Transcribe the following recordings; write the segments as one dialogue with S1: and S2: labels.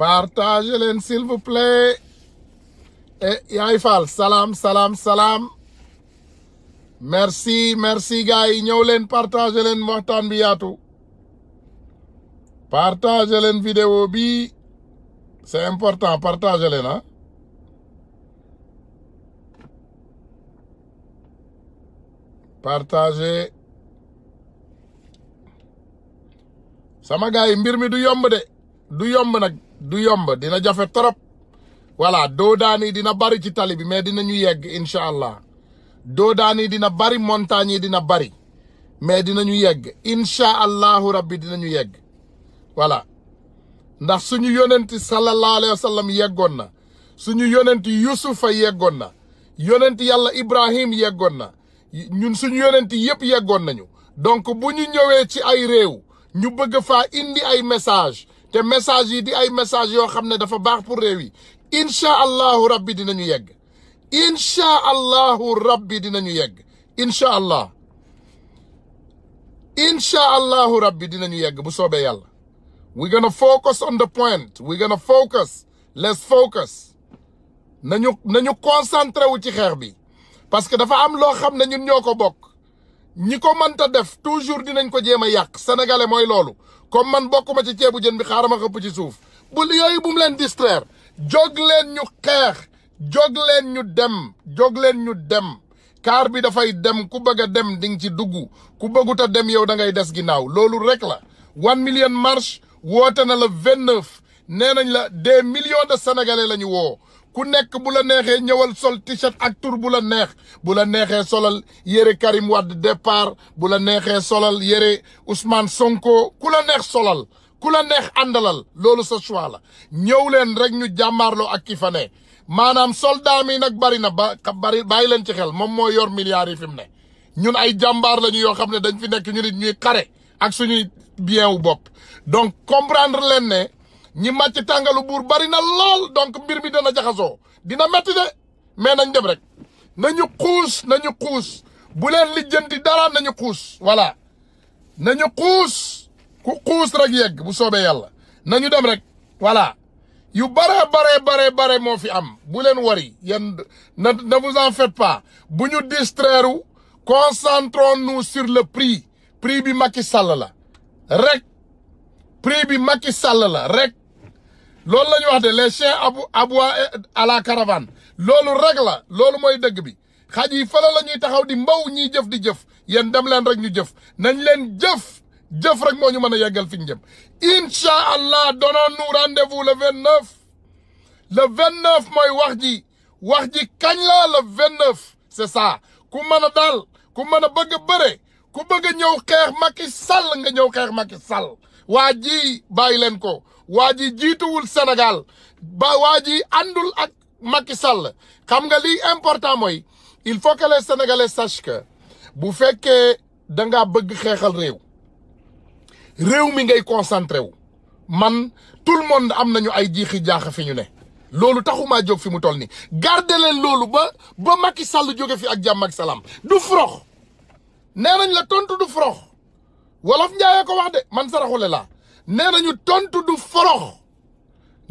S1: partagez leen s'il vous eh, faal salaam salaam salaam merci merci gars yi ñëw leen partagez leen waxtaan bi yaatu partagez leen vidéo bi c'est important partagez leen ah partagez sama gars yi mbir mi du yomb de du yomb nag du yomb dina jafe trop voilà doodaan yi dina bari ci tali bi mais dinañu yegg incha allah doodaan yi dina bari montagne yi dina bari mais dina ñu yegg incha allahu rabbi dinañu yegg voilà ndax suñu yonent sallallahu alayhi yeggoon na suñu yonent yusufa yeggoon na yonent yàlla ibrahim yeggoon na ñun suñu yonent yëpp yeggoon nañu donc bu ñu ñëwee ci ay réew ñu bëgg faa indi ay message te message yi di ay message yoo xam ne dafa baax pour réew yi incha allahu rabbi dinañu yegg incha allahu rabbi dinañu yegg incha allah rab bi dina ñu yegg bu soobee yàlla gën a focus on the point we're gonna focus let's focus nañu nañu concentré wu ci xeex bi parce que dafa am loo xam ne ñun ñoo ko bokk ñi ko mënta def toujours dinañ ko jéem a yàq sénégalais mooy loolu comme man bokkuma ci ceebu jën bi xaaral ma xëpp ci suuf bu yooyu bu mu leen distraire jóg leen ñu xeex jóg leen ñu dem jóg leen ñu dem kaar bi dafay dem ku bëgg a dem di nga ci dugg ku bëggut a dem yow da ngay des ginnaaw loolu rek la wan million marche woote na la vingt nee nañ la des millions de sénégalais la ñu woo ku nekk bu la neexee ñëwal sol t ak tur bu la neex bu la neexee solal yére Karim Wade départ bu la neexee solal yére Ousmane Sonko ku la neex solal ku la neex àndalal loolu sa choix la ñëw leen rek ñu jàmmaarloo ak ki fa ne maanaam soldat mi nag bari na ba bari bàyyi leen ci xel moom moo yor milliards yi fi ne ñun ay jàmbaar lañu yoo xam ne dañ fi nekk ñu nit ñuy xare ak suñuy bien wu bopp donc comprendre leen ne ñi màcc tàngalu buur bari na lool donc mbir mi dana jaxasoo dina métti de mais nañ dem rek nañu xuus nañu xuus bu leen lijjanti dara nañu xuus voilà nañu xuus ku xuus rek yegg bu soobee yàlla nañu dem rek voilà yu bare bare bare bare moo fi am bu leen wari yéen na ne vous en faites pas bu ñu distraire concentrons-nous sur le prix prix bi makki Sall la rek prix bi makki Sall la rek loolu la ñu wax de les chiens abu aboient à la loolu rek la loolu mooy dëgg bi xaj yi fële la ñuy taxaw di mbaw ñiy jëf di jëf yéen dem leen rek ñu jëf nañ leen jëf jëf rek moo ñu mën a yeggal fi ñu jëm incha allah donnons-nous rendez-vous le vingt neuf le mooy wax ji wax ji kañ la le vingt neuf c'est ku mën a daal ku mën a bëgg a bëre ku bëgg a ñëw xeex Macky Sall nga ñëw xeex Macky Sall waa ji bàyyi leen ko waa ji jiituwul senegal ba waa ji àndul ak Macky Sall xam nga li important mooy il faut que les Sénégalais sachent bu fekkee da ngaa bëgg xeexal réew réew mi ngay concentré wu man tout le monde am nañu ay jiixi jaaxa fi ñu ne. loolu taxumaa jóg fi mu toll nii garde leen loolu ba ba makki Sall jóge fi ak jàmm ak salaam du frox nee nañ la tontu du frox wolof njaayee ko wax de man saraxule laa nee nañu tontu du forox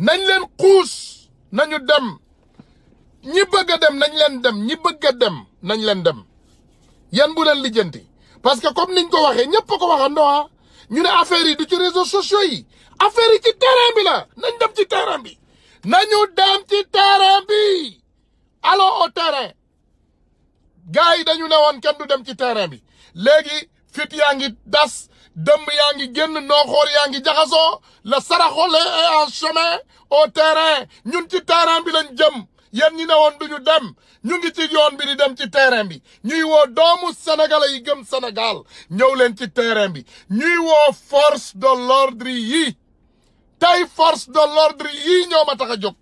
S1: nañ leen xuus nañu dem ñi bëgg a dem nañ leen dem ñi bëgg a dem nañ leen dem yan bu leen lijjanti parce que comme niñ ko waxee ñëpp ko ko waxandoo ah. ñu ne affaire yi du ci réseaux sociaux yi affaire yi ci terrain bi la nañ dem ci terrain bi nañu dem ci terrain bi allons au terrain gars yi dañu ne woon kenn du dem ci terrain bi léegi fit yaa ngi das dëmb yaa ngi génn nooxoor yaa ngi jaxasoo la saraxole est en chemin au terrain ñun ci terrain bi lañ jëm yan ñi ne woon du ñu dem ñu ngi ci yoon bi di dem ci terrain bi ñuy woo doomu sénégalais yi gëm Sénégal ñëw leen ci terrain bi ñuy woo force de l'ordre yi tey force de l'ordre yi ñoo ma tax a jóg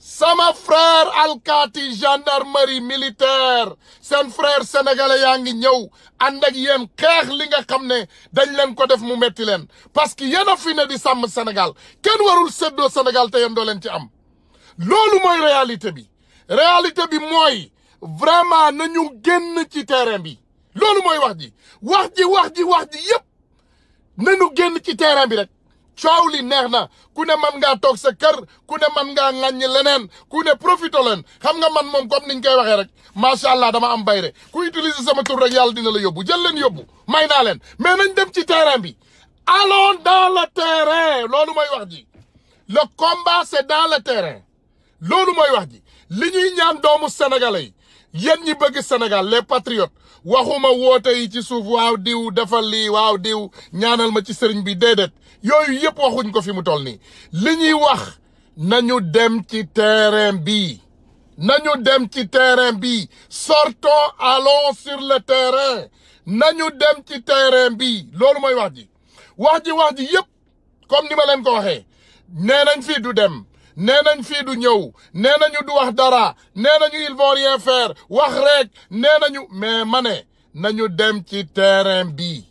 S1: sama frère alkaati gendarmerie militaire seen frère sénégalais yaa ngi ñëw ànd ak yéen xeex li nga xam ne dañ leen ko def mu metti leen parce que yéen a fi ne di sàmm Sénégal kenn warul séddoo Sénégal te yéen doo leen ci am loolu mooy réalité bi réalité bi mooy vraiment nañu génn ci terrain bi loolu mooy wax ji wax ji wax ji wax ji yépp nañu génn ci terrain bi rek coow li neex na ku ne man ngaa toog sa kër ku ne man ngaa ŋàññi leneen ku ne profité leen xam nga man moom comme niñ koy waxee rek macha allah dama am bayre ku utiliser sama tur rek yàlla dina la yóbbu jël leen yóbbu may naa leen mais nañ dem ci terrain bi allons dans le terrain loolu mooy wax ji le combat c'est dans le terrain loolu mooy wax ji li ñuy ñaan doomu sénégalais yi yéen ñi bëgg Sénégal les patriotes waxuma woote yi ci suuf waaw diw defal lii waaw diw ñaanal ma ci sëriñ bi déedéet yooyu yëpp waxuñ ko fi mu toll nii li ñuy wax nañu dem ci terrain bi nañu dem ci terrain bi sortons allons sur le terrain nañu dem ci terrain bi loolu mooy wax ji wax ji wax ji yëpp comme ni ma leen ko waxee nee nañ fii du dem nee nañ fii du ñëw nee nañu du wax dara nee nañu ils vont wax rek nee nañu mais ma nañu dem ci terrain bi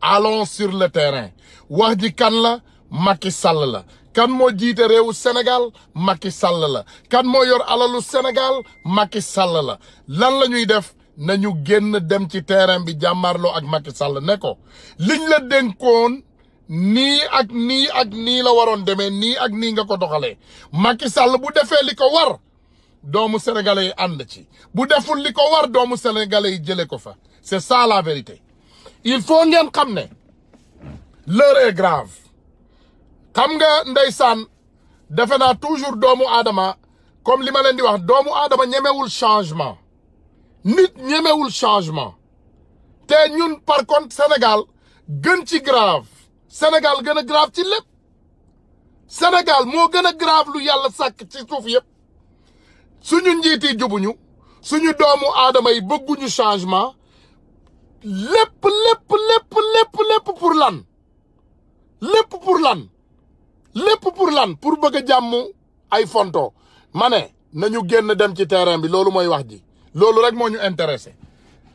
S1: allons sur le terrain wax ji kan la Macky Sall la kan moo jiite réewu senegal makki Sall la kan moo yor alalu senegal Macky Sall la lan la ñuy def nañu génn dem ci terrain bi jàmmarloo ak Macky Sall ne ko liñ la dénkoon nii ak nii ak nii la waroon demee nii ak nii nga ko doxalee Macky sàll bu defee li ko war doomu sénégalais yi ànd ci bu deful li ko war doomu sénégalais yi jëlee ko fa c'est ça la vérité il faut ngeen xam ne. l'heure est grave xam nga ndeysaan defe naa toujours doomu aadama comme li ma leen di wax doomu aadama ñemewul changement nit ñemewul changement te ñun par contre Sénégal gën ci grave Sénégal gën a grave ci lépp Sénégal moo gën a grave lu yàlla sàkk ci suuf yëpp suñu njiiti jubuñu suñu doomu aadama yi bëgguñu changement lépp lépp lépp lépp lépp pour lan lépp pour lan lépp pour lan pour bëgg a jàmm ay fonto ma ne nañu génn dem ci terrain bi loolu mooy wax ji loolu rek moo ñu intéressé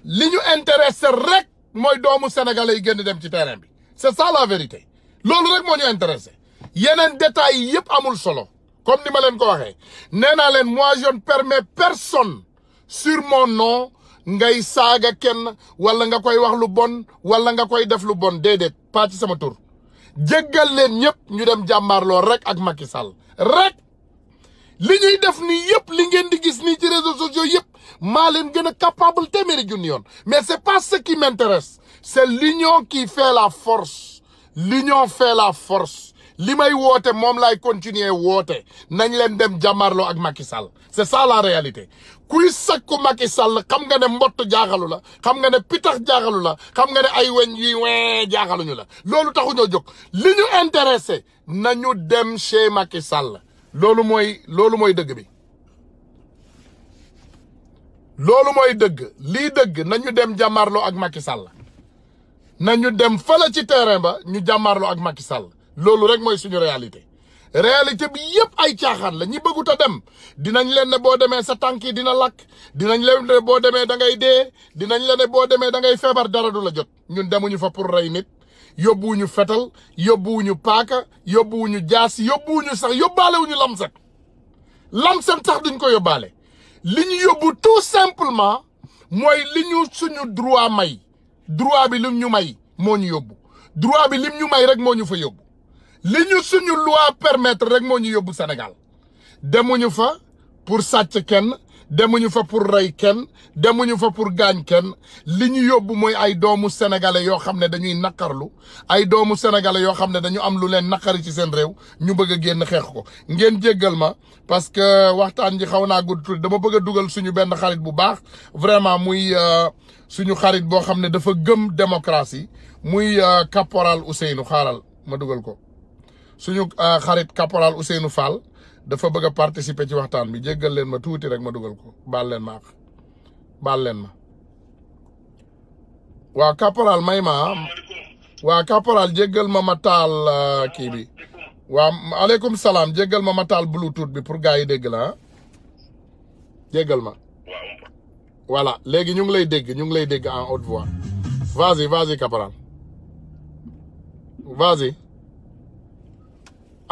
S1: li ñu intéressé rek mooy doomu sénégalais yi génn dem ci terrain bi c'est ça la loolu rek moo ñu intéressé yeneen détails yi yëpp amul solo comme ni ma leen ko waxee nee naa leen moi je ne permets personne sur mon ngay saaga kenn wala nga koy wax lu bon wala nga koy def lu bon déedéet pas ci sama tur jéggal leen ñëpp ñu dem jàmmaarloo rek ak Macky Sall li ñuy def nii yëpp li ngeen di gis nii ci réseaux sociaux yëpp maa leen gën a capable téeméeri junni yoon mais c'est pas ce qui m'intéresse c'est l'union qui fait la force l'union fait la force li may woote moom laay continuer woote nañ leen dem jàmmaarloo ak Macky Sall c'est ça la kuy sakku Macky Sall xam nga ne mbott jaaxalu la xam nga ne pitax jaaxalu la xam nga ne ay weñ yi wee jaaxaluñu la loolu taxuñoo jóg li ñu intéressé nañu dem chez Macky Sall loolu mooy loolu mooy dëgg bi loolu mooy dëgg lii dëgg nañu dem jàmmarloo ak Macky Sall nañu dem fële ci terrain ba ñu jàmmarloo ak Macky Sall loolu rek mooy suñu réalité réalité bi yëpp ay caaxaan la ñi bëggut a dem dinañ leen ne boo demee sa tànki dina lakk dinañ leen boo demee da ngay dee dinañ la ne boo demee dangay feebar dara du la jot ñun demuñu fa pour rey nit yóbbuwuñu fetal yóbbuwuñu paaka yóbbuwuñu jaas yóbbuwuñu sax yóbbaalewuñu lamset lamset sax duñu ko yóbbaale li ñu yóbbu tout simplement mooy li ñu suñu droit may droit bi lim ñu may moo ñu yóbbu droit bi lim ñu may rek moo ñu fa yóbbu li ñu suñu loi permettre rek moo ñu yóbbu senegal demuñu fa pour sàcc kenn demuñu fa pour rey kenn demuñu fa pour gaañ kenn li ñu yóbbu mooy ay doomu sénégalais yoo xam ne dañuy naqarlu ay doomu sénégalais yoo xam ne dañu am lu leen naqari ci seen réew ñu bëgg a génn xeex ko ngeen jéggal ma parce que waxtaan ji xaw naa gudd tuuti dama bëgg a dugal suñu benn xarit bu baax vraiment muy euh, suñu xarit boo xam ne dafa gëm démocratie muy euh, caporal Ousseynou xaaral ma dugal ko. suñu euh, xarit caporal Ousseynou fal dafa bëgg a participer ci waxtaan bi jéggal ma tuuti rek ma dugal ko baal leen ma ak baal waa caporal may ma waa caporal jéggal ma ma taal euh, kii bi waa aleykum salaam jéggal ma ma taal bluetooth bi pour gars yi dégg la ah. jéggal ma voilà léegi ñu lay dégg ñu ngi lay dégg en haute voix vas-y vas-y caporal vas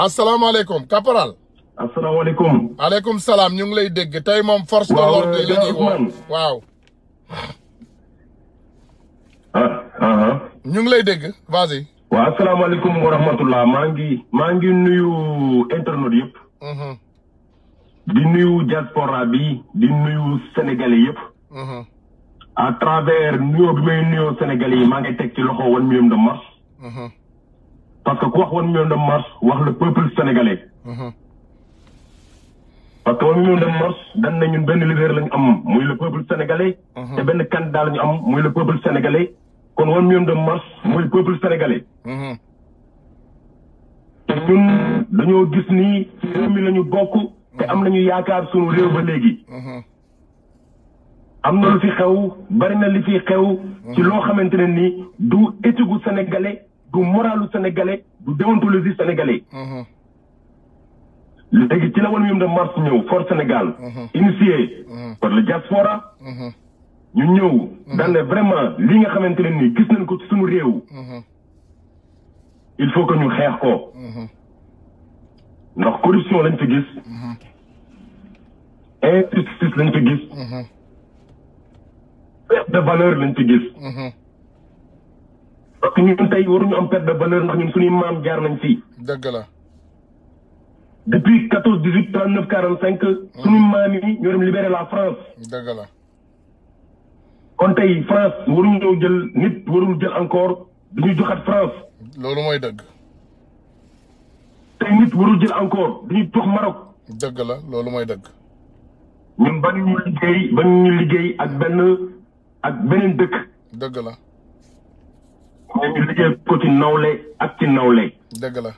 S1: asalaamaaleykum caporal. asalaamaaleykum. maaleykum salaam ñu ngi lay dégg tey moom force de l'ordre la ñuy woo waaw. Ah, ah, ah. ñu ngi lay dégg vas-y. waaw
S2: asalaamaaleykum wa rahmatullah maa ngi maa ngi nuyu internautes yëpp. Mhm. di nuyu diaspora bi di nuyu sénégalais yëpp. Mhm. à travers nuyoo bi may nuyoo sénégalais yi maa ngi teg ci loxo one million de mars. Mhm. parce que ku wax one million de marches wax le peuple sénégalais. Mhm. parce que one million de marches dan na ñun benn leader lañu am muy le peuple sénégalais. Mhm. te benn candidat lañu am muy le peuple sénégalais kon one million de marches muy peuple sénégalais. Mhm. te ñun dañoo gis ni réew mi la ñu bokk te am nañu yaakaar sunu réew ba léegi. am na lu fi xew bari na li fi xew. ci loo xamante ne ni du étigu sénégalais. du moralu sénégalais du déontologie sénégalais. Mhm. léegi ci la woon ñoom de mars ñëw for Sénégal. Mhm. initié. Mhm. par le diaspora. ñu ñëw. daan vraiment li nga xamante ne nii gis nañ ko ci suñu réew. il faut que ñu xeex ko. ndax corruption lañ fi gis. injustice lañ fi gis. perte de valeur lañ fi
S3: gis.
S2: parce que ñun tey waruñu am perte de valeur ndax ñun maam jaar nañ fii. dëgg la. depuis quatorze dix huit trente neuf quarante cinq. suñu hmm. maam yi ñoo dem libéré la France. dëgg la. kon tey France waruñu ñëw jël nit warul jël encore dañuy joxaat France. loolu mooy dëgg. tey nit warul jël encore dañuy jox Maroc. dëgg la loolu mooy dëgg. ñun ba liggéey ba ñu liggéey ak benn ak beneen dëkk. dëgg la. mais ñu liggéey ko ci nawle ak ci nawle. dëgg la.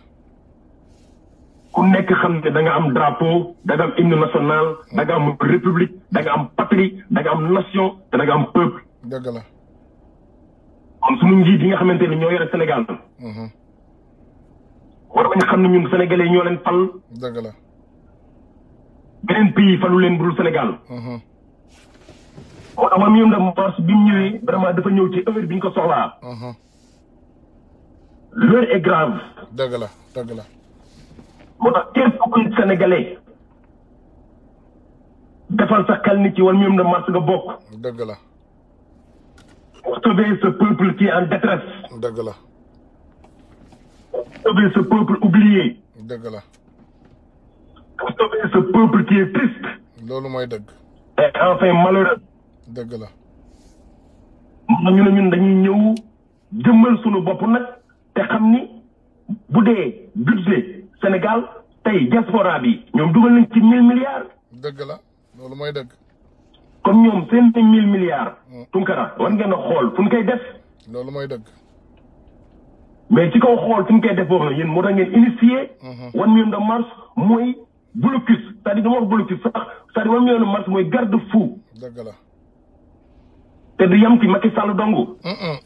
S2: ku nekk xam ne da am drapeau da nga am hymne national da am république da am patrie da am nation te da am peuple. dëgg la. kon suñu njiit yi nga xamante ni ñoo yore Sénégal. Mhm. war nañ xam ne ñun sénégalais ñoo leen fal. dëgg la. beneen pays falu leen budul Sénégal. Mhm. moo tax man mii da mars bi mu ñëwee vraiment dafa ñëw ci heure bi ñu ko soxlaa. Mhm. l'heure est grave. dëgg la dëgg la. moo tax il faut que sénégalais defal sa xel ni ci bokk. dëgg la. pour sauver ce peuple qui détresse. dëgg la. pour sauver ce peuple oublié. dëgg la. pour sauver ce peuple qui loolu mooy dëgg. et enfin malheureux. dëgg la. ñu ne ñun dañuy ñëw jëmmal sunu bopp nag. te xam ni bu dee budget Sénégal tey diaspora bi ñoom dugal nañ ci mille milliards.
S4: dëgg la loolu mooy dëgg.
S2: kon ñoom seen mille milliards. Hmm. Tunkara war ngeen a xool fu ñu koy def. loolu mooy dëgg. mais ci kaw xool fu ñu koy def boobu nag yéen moo tax ngeen initié. Hmm. one million de mars mooy blocus c'est-à-dire dama wax blocus sax cest à one million de mars mooy garde fou. dëgg la. te du yam ci Macky Sall dong. Hmm,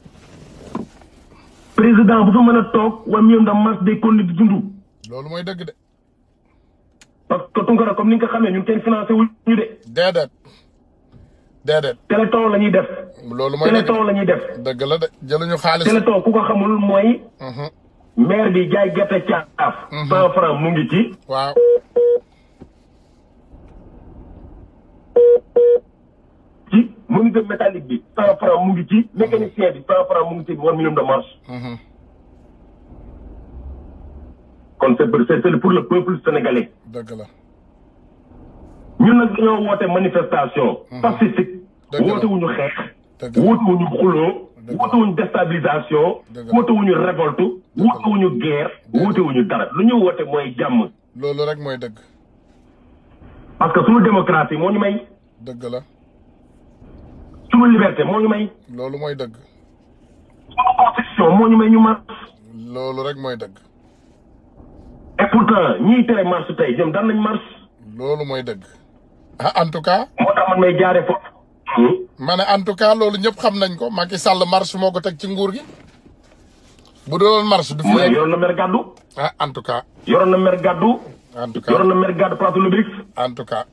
S2: président bu fa mën a toog waa miam da marche des conditions
S1: loolu mooy dëgg de.
S2: parce que Tunkara comme ni nga xamee ñun kenn financé wu ñu de. déedéet déedéet. téléthon la ñuy def. loolu mooy téléthon la ñuy def. dëgg la de jëluñu xaalis. téléthon ku ko xamul mooy. Mhm. maire bi jaay gerte caaf. Mhm. cent franc mu ngi ci. waaw. ci moniteur bi mu ngi ci mu ngi ci one mhm. kon c'est pour pour le peuple sénégalais dëgg la ñun nag dañoo woote manifestation mhm. pacifique woote wuñu xeex woote wuñu xuloo woote wuñu déstabilisation woote wuñu révolte woote wuñu guerre woote wuñu dara lu ñu woote mooy jàmm loolu rek mooy dëgg parce que suñu démocratie moo ñu may dëgg la suñu liberté moo ñu loolu mooy dëgg. suñu loolu rek mooy dëgg. et pourtant nañ mars.
S1: mooy dëgg. ah en tout cas. moo tax man may jaaree hmm? ne en loolu ñëpp xam nañ ko Macky Sall mars moo ko teg ci nguur gi. bu doon mars du fi.
S2: mooy yoroon na mer ah en tout cas. yoroon na mer gàddu. en tout na mer gàddu place Lubirix. en tout cas.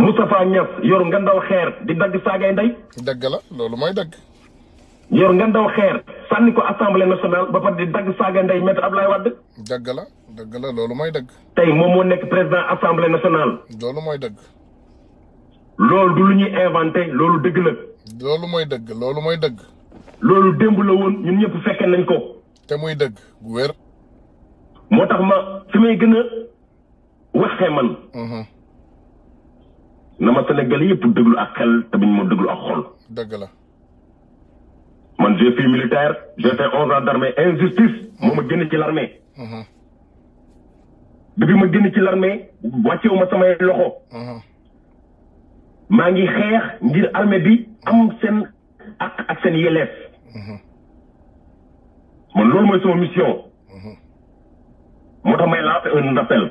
S2: Moustapha Niass yor nga ndaw xeer di dagg saagay ndey. dëgg la loolu mooy dëgg. yor nga ndaw xeer sànni ko assemblée nationale ba pare di dagg saagay ndey maître Abdoulaye Wade. dëgg la dëgg la loolu mooy dëgg. tey moom moo nekk président assemblée nationale. loolu mooy dëgg. loolu du lu ñuy inventé loolu dëgg la.
S1: loolu mooy dëgg loolu mooy dëgg. loolu démb la woon ñun ñëpp fekkee nañ ko. te muy dëgg gu wér. moo tax ma fi may gën a waxee
S2: man. Mhm. na ma Sénégal yëpp déglu ak xel te buñ ma déglu ak xol. dëgg la. man j'ai fui militaire j'ai fait onze d'armée injustice moo ma génn ci l'armée. Mhm. depuis ma génn ci l'armée wàccewu ma samay loxo. Mhm. maa ngi xeex ngir armée bi am seen ak ak seen yelleef. Mhm. man loolu mooy sama mission. moo tax may lancer un appel.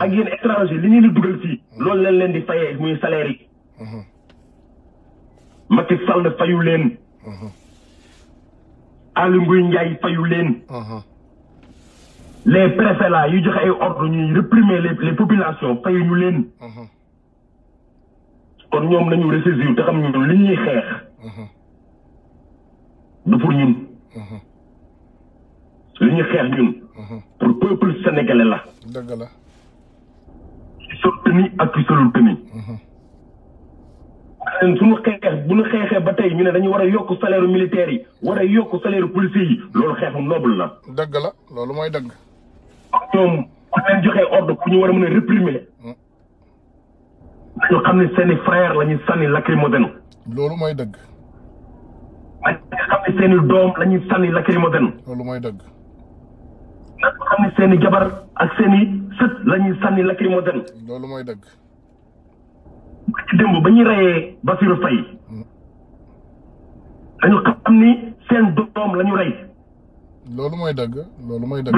S2: ak yéen étranger li ñu la dugal fii. loolu lañ leen di fayee muy salaire yi. Macky Sall fayu leen. Aly Ngouille Ndiaye fayu leen. les préfets yu joxe ay ordre ñuy réprimer les les populations leen. kon ñoom nañu ressaisir te xam li ñuy xeex. du pour li ñuy xeex ñun. pour peuple sénégalais la. sol tenue ak ki solul tenue mm-hmm. xeex bu nu xeexee ba tey ñu ne dañu war a yokk salaire militaire yi war a yokk salaire policier yi loolu xeexu noble la.
S4: dëgg la loolu mooy dëgg.
S2: ñoom bu leen ordre pour ñu war a mën a réprimer. dañu mm-hmm. xam ne seen i frère la ñu sànni lacrymogène. loolu mooy dëgg. dañu xam ne seen i doom la ñu sànni lacrymogène. loolu mooy dëgg. xam ne seen jabar ak seeni i sët la ñuy sànni lacrymogène. loolu mooy dëgg. ci démb ba ñuy reyee Bassirou Faye
S1: dañu xam ni seen doom la ñu rey. mooy dëgg loolu mooy
S4: dëgg.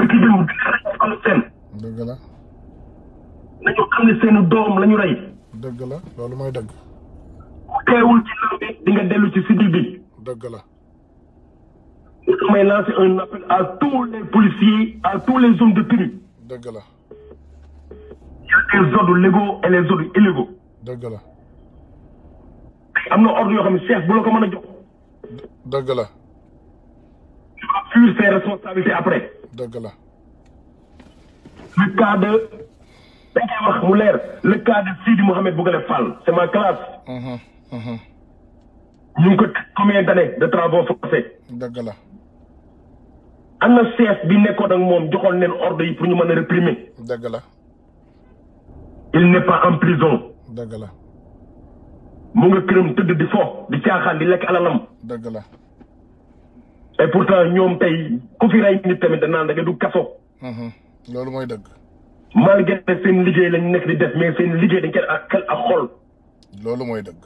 S2: xam ne seen doom lañu ñu rey.
S4: dëgg la loolu mooy dëgg.
S2: teewul ci lambi di nga dellu ci sidil dëgg la. damay lancer un appel à tous les policiers à tous les hommes de tenue. dëgg la. y a des ordres légaux la. am na ordre yoo xam ne chef bu la ko mën a jox. dëgg la. tu vas fuir ses après. dëgg la. le cas de mu leer le cas de Sidi Mohamed Bougale Fall c'est ma classe.
S3: Mhm, mhm.
S2: ñu ngi ko combien d'années de travaux forcés. dëgg la. am na chef bi nekkoo ak moom joxoon leen ordre yi pour ñu mën a réprimer. dëgg la. il n'est pas en prison. dëgg la. mu nga këram tëdd di fo di caaxaan di lekk alalam. dëgg la. et pourtant ñoom tey ku fi rey nit tamit danaan da nga du kaso.
S4: Mhm. loolu mooy dëgg.
S2: malgré seen liggéey lañ nekk di def mais seen liggéey dañ koy ak xel ak xol.
S4: loolu mooy dëgg.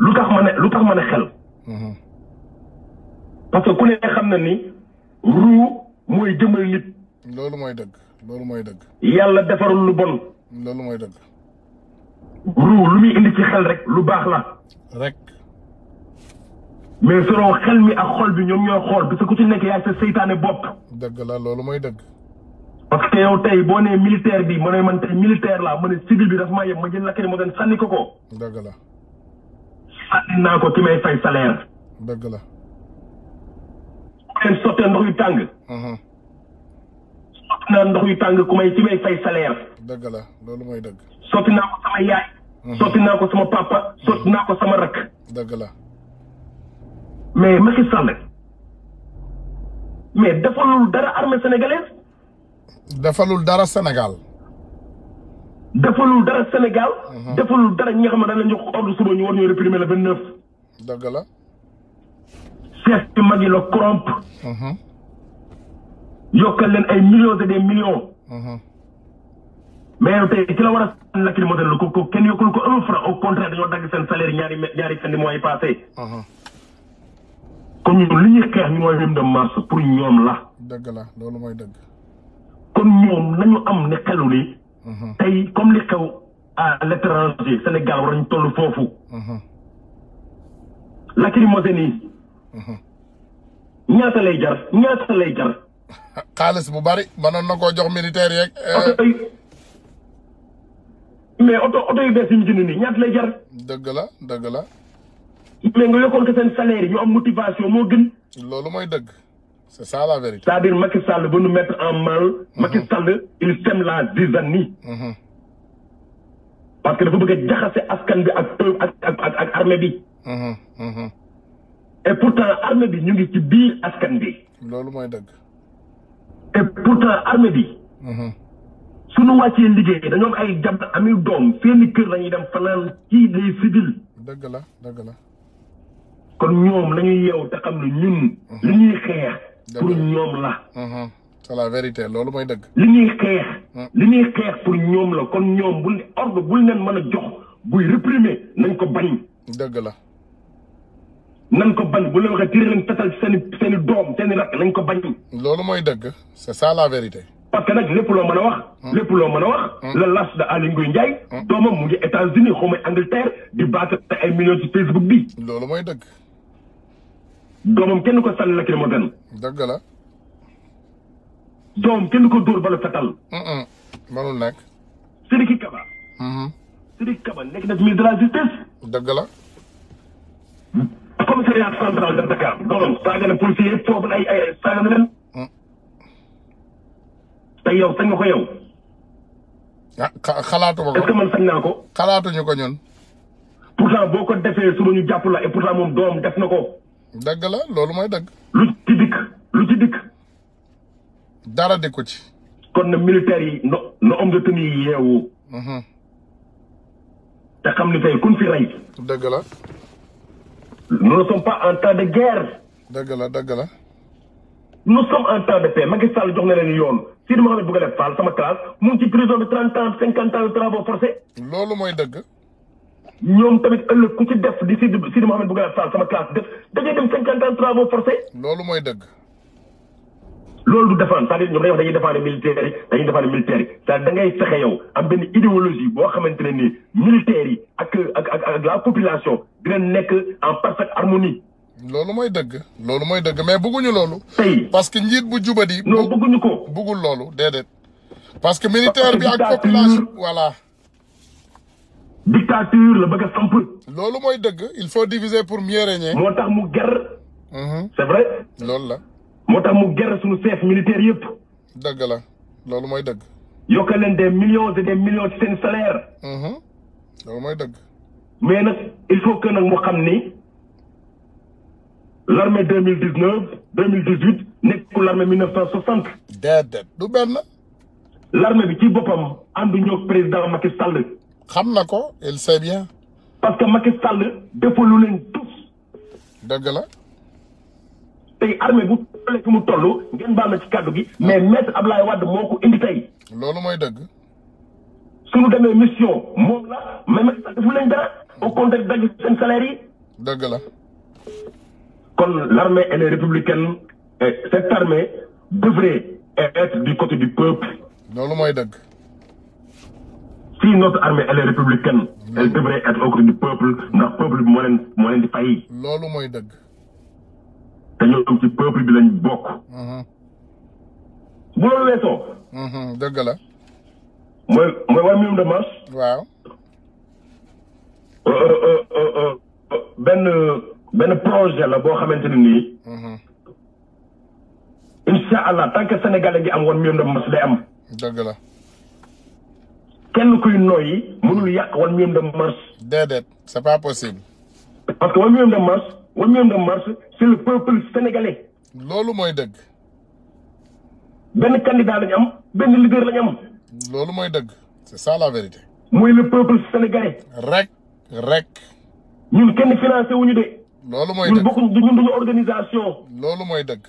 S2: lu tax ma ne lu tax ma ne xel. Mhm. parce que ku ne xam na ni. ruu mooy jëmal nit.
S4: loolu mooy dëgg loolu mooy dëgg.
S2: yàlla defarul lu bon. loolu mooy dëgg. ruu lu muy indi ci xel rek lu baax la. rek. mais selon xel mi ak xool bi ñoom ñoo xool parce ku ci nekk yaay sa seytaane bopp. dëgg la loolu mooy dëgg. parce yow tey boo nee militaire bi ma ne man tey la laa ma ne civil bi dafa maa yem ma jël la kër ma gën sànni ko ko. dëgg la. sànni naa ko ki may fay salaire. dëgg la. seen sotti ndox yu tàng. sotti naa ndox yu tàng ku may ci may fay salaire.
S4: dëgg la loolu mooy dëgg.
S2: sotti naa ko sama yaay. sotti naa ko sama papa sotti naa ko sama rakk. dëgg la. mais Macky Sall mais defalul dara armée sénégalaise. defalul dara Sénégal. defalul dara Sénégal. defalul dara ñi nga xam ne dañ la ñu ordre ñu war ñoo réprimer le dëgg la. chef bi mag yi la corrompre. Uh-huh. yokkal leen ay millions et des uh-huh. mais yow tey ki la war a sànni la climatisé ko ko kenn yokkul ko un franc au contraire dañoo dagg seen salaire ñaari ñaari fan mois yi passé. Uh-huh. kon ñun li ñuy xeex ñu mooy même de mars pour ñoom la.
S4: dëgg la loolu mooy dëgg.
S2: kon ñoom nañu am ne xelu ni. tey comme li xew à l' étranger Sénégal war nañu toll foofu.
S1: lacrymogène yi Mm-hmm. ñaata lay jar ñaata lay jar. xaalis bu bari mënoon na koo jox militaire yeeg. Eh. oto yi mais oto oto yu bees yi ñu nii ñaata jar. dëgg la dëgg la.
S2: mais nga yokkoon ko seen salaire ñu am motivation moo gën.
S1: loolu mooy dëgg. c'est ça
S2: la vérité. c'est-à-dire Macky Sall veut nous mettre en mal. Mm-hmm. Macky Sall il sème la zizanie. Mm-hmm. parce que dafa bëgg a jaxase askan bi ak ak ak ak armée bi. et pourtant armée bi ñu ngi ci biir askan bi. loolu mooy dëgg. et pourtant armée bi. Mhm. suñu wàccee liggéey dañoo am ay jàpp ami doom seeni kër lañuy dem fanaan ci les civils.
S4: dëgg la dëgg la.
S2: kon ñoom lañuy ñuy yeew te xam ne ñun. Mhm. Mhm. li ñuy xeex. pour ñoom la. c'est loolu mooy dëgg. li li ñuy pour ñoom la kon ñoom buñ ordre buñ mën a jox buy réprimer nañ ko bañ. dëgg la. nan ko bañ bu la waxee tiré leen fetal seen doom seen i lañ ko bañ.
S1: loolu mooy dëgg c'est ça la vérité.
S2: parce que nag lépp loo mën a wax. Hmm. lépp loo mën a wax. Hmm. le las de Aly Ngouille Ndiaye. Hmm. doomam mu ngi États-Unis xaw Angleterre di baata ay millions ci Facebook
S1: bi. loolu mooy dëgg. doomam kenn ko sànni la kii ma benn. dëgg la. doomam kenn ko dóor ba la fetal. mënul nekk.
S2: Sidiki Kaba.
S3: Mm-hmm.
S2: Kaba nekk na ministre de la justice. dëgg la. commissariat central de Dakar doxaloon saaga na policier yëpp foofu ay hmm. te yow sañ ko yow. ah xalaatu ma ko est-ce que man ko. xalaatuñu ko ñun. pourtant boo ko defee suma ñu jàpp pour et moom doom def na ko. dëgg la loolu mooy dëgg. lu ci lu ci dikk. dara dikku ci. kon na militaire yi no no homme yi yeewu.
S3: Hmm.
S1: te xam ni tey kuñ fi rey. dëgg la. nous ne sommes pas en temps de guerre. dëgg la dëgg la. nous
S2: sommes en temps de paix Macky Sall jox na leen yoon Sidi Mohamed Bougaleb Fall sama classe mu ngi ci prison bi trente ans cinquante ans de travaux forcés. loolu mooy dëgg. ñoom tamit ëllëg ku ci def di Sidi Sidi Mohamed Bougaleb Fall sama classe def da ngay dem cinquante ans de travaux forcés. loolu mooy dëgg. loolu du défendre c'est-à-dire ñoom dañuy wax dañuy défendre militaire yi dañuy défendre militaire yi c'est-à-dire yow am benn idéologie boo xamante ne nii militaire yi ak ak ak la population dina nekk
S1: en parfaite harmonie. loolu mooy dëgg. loolu mooy dëgg mais bëgguñu loolu. tey parce que njiit bu jubadi. noo bëgguñu ko bëggul loolu déedéet. parce que militaire bi ak population voilà. dictature la bëgg a samp. loolu mooy dëgg il faut diviser pour mieux régner. moo tax mu mhm. loolu la. moo tax mu
S2: gërëm suñu chef militaire yëpp. dëgg la loolu mooy dëgg. yokk leen des millions et des millions seen salaire.
S4: Mhm, loolu mooy dëgg.
S2: mais nag il faut que nag mu xam ni l' de deux mille dix neuf deux mille dix huit nekkul l' armée mille neuf cent du benn. l' bi ci boppam ànduñu ak président Macky sal
S1: xam na ko
S2: il parce que Macky Sall defalu leen tous. dëgg la. tey armée bu tollee mu toll ngeen baax na ci kàddu gi mais maître Ablaye Wade moo ko indi tey. loolu mooy dëgg. suñu demee mission moom la même sax defu leen dara au contraire dagg seen salaire dëgg la. kon l'armée elle républicaine et cette armée devrait être du côté du peuple. dëgg. si notre armée elle ndax peuple bi moo leen moo loolu mooy dëgg. te ñoom ci peuple bi lañ bokk.
S1: Mhm. bu loolu weesoo. Mhm, dëgg la. mooy mooy
S2: waa minimum de marche. waaw. Euh, euh, euh, benn benn projet la boo xamante ne nii. Mhm. incha allah tant que sénégalais gi am woon million de marche day am. dëgg la. kenn kuy noyyi mënul yàq woon million de marche. déedéet c'est pas possible. parce que woon million de marche. union de marche c'est le peuple sénégalais.
S1: loolu mooy dëgg.
S2: benn candidat lañu am benn leader lañu am.
S1: loolu mooy dëgg c'est ça la vérité.
S2: mooy le peuple sénégalais. rek rek. ñun kenn financé wuñu de. loolu mooy dëgg ñun bokkuñ ñun duñu organisation.
S1: loolu mooy dëgg.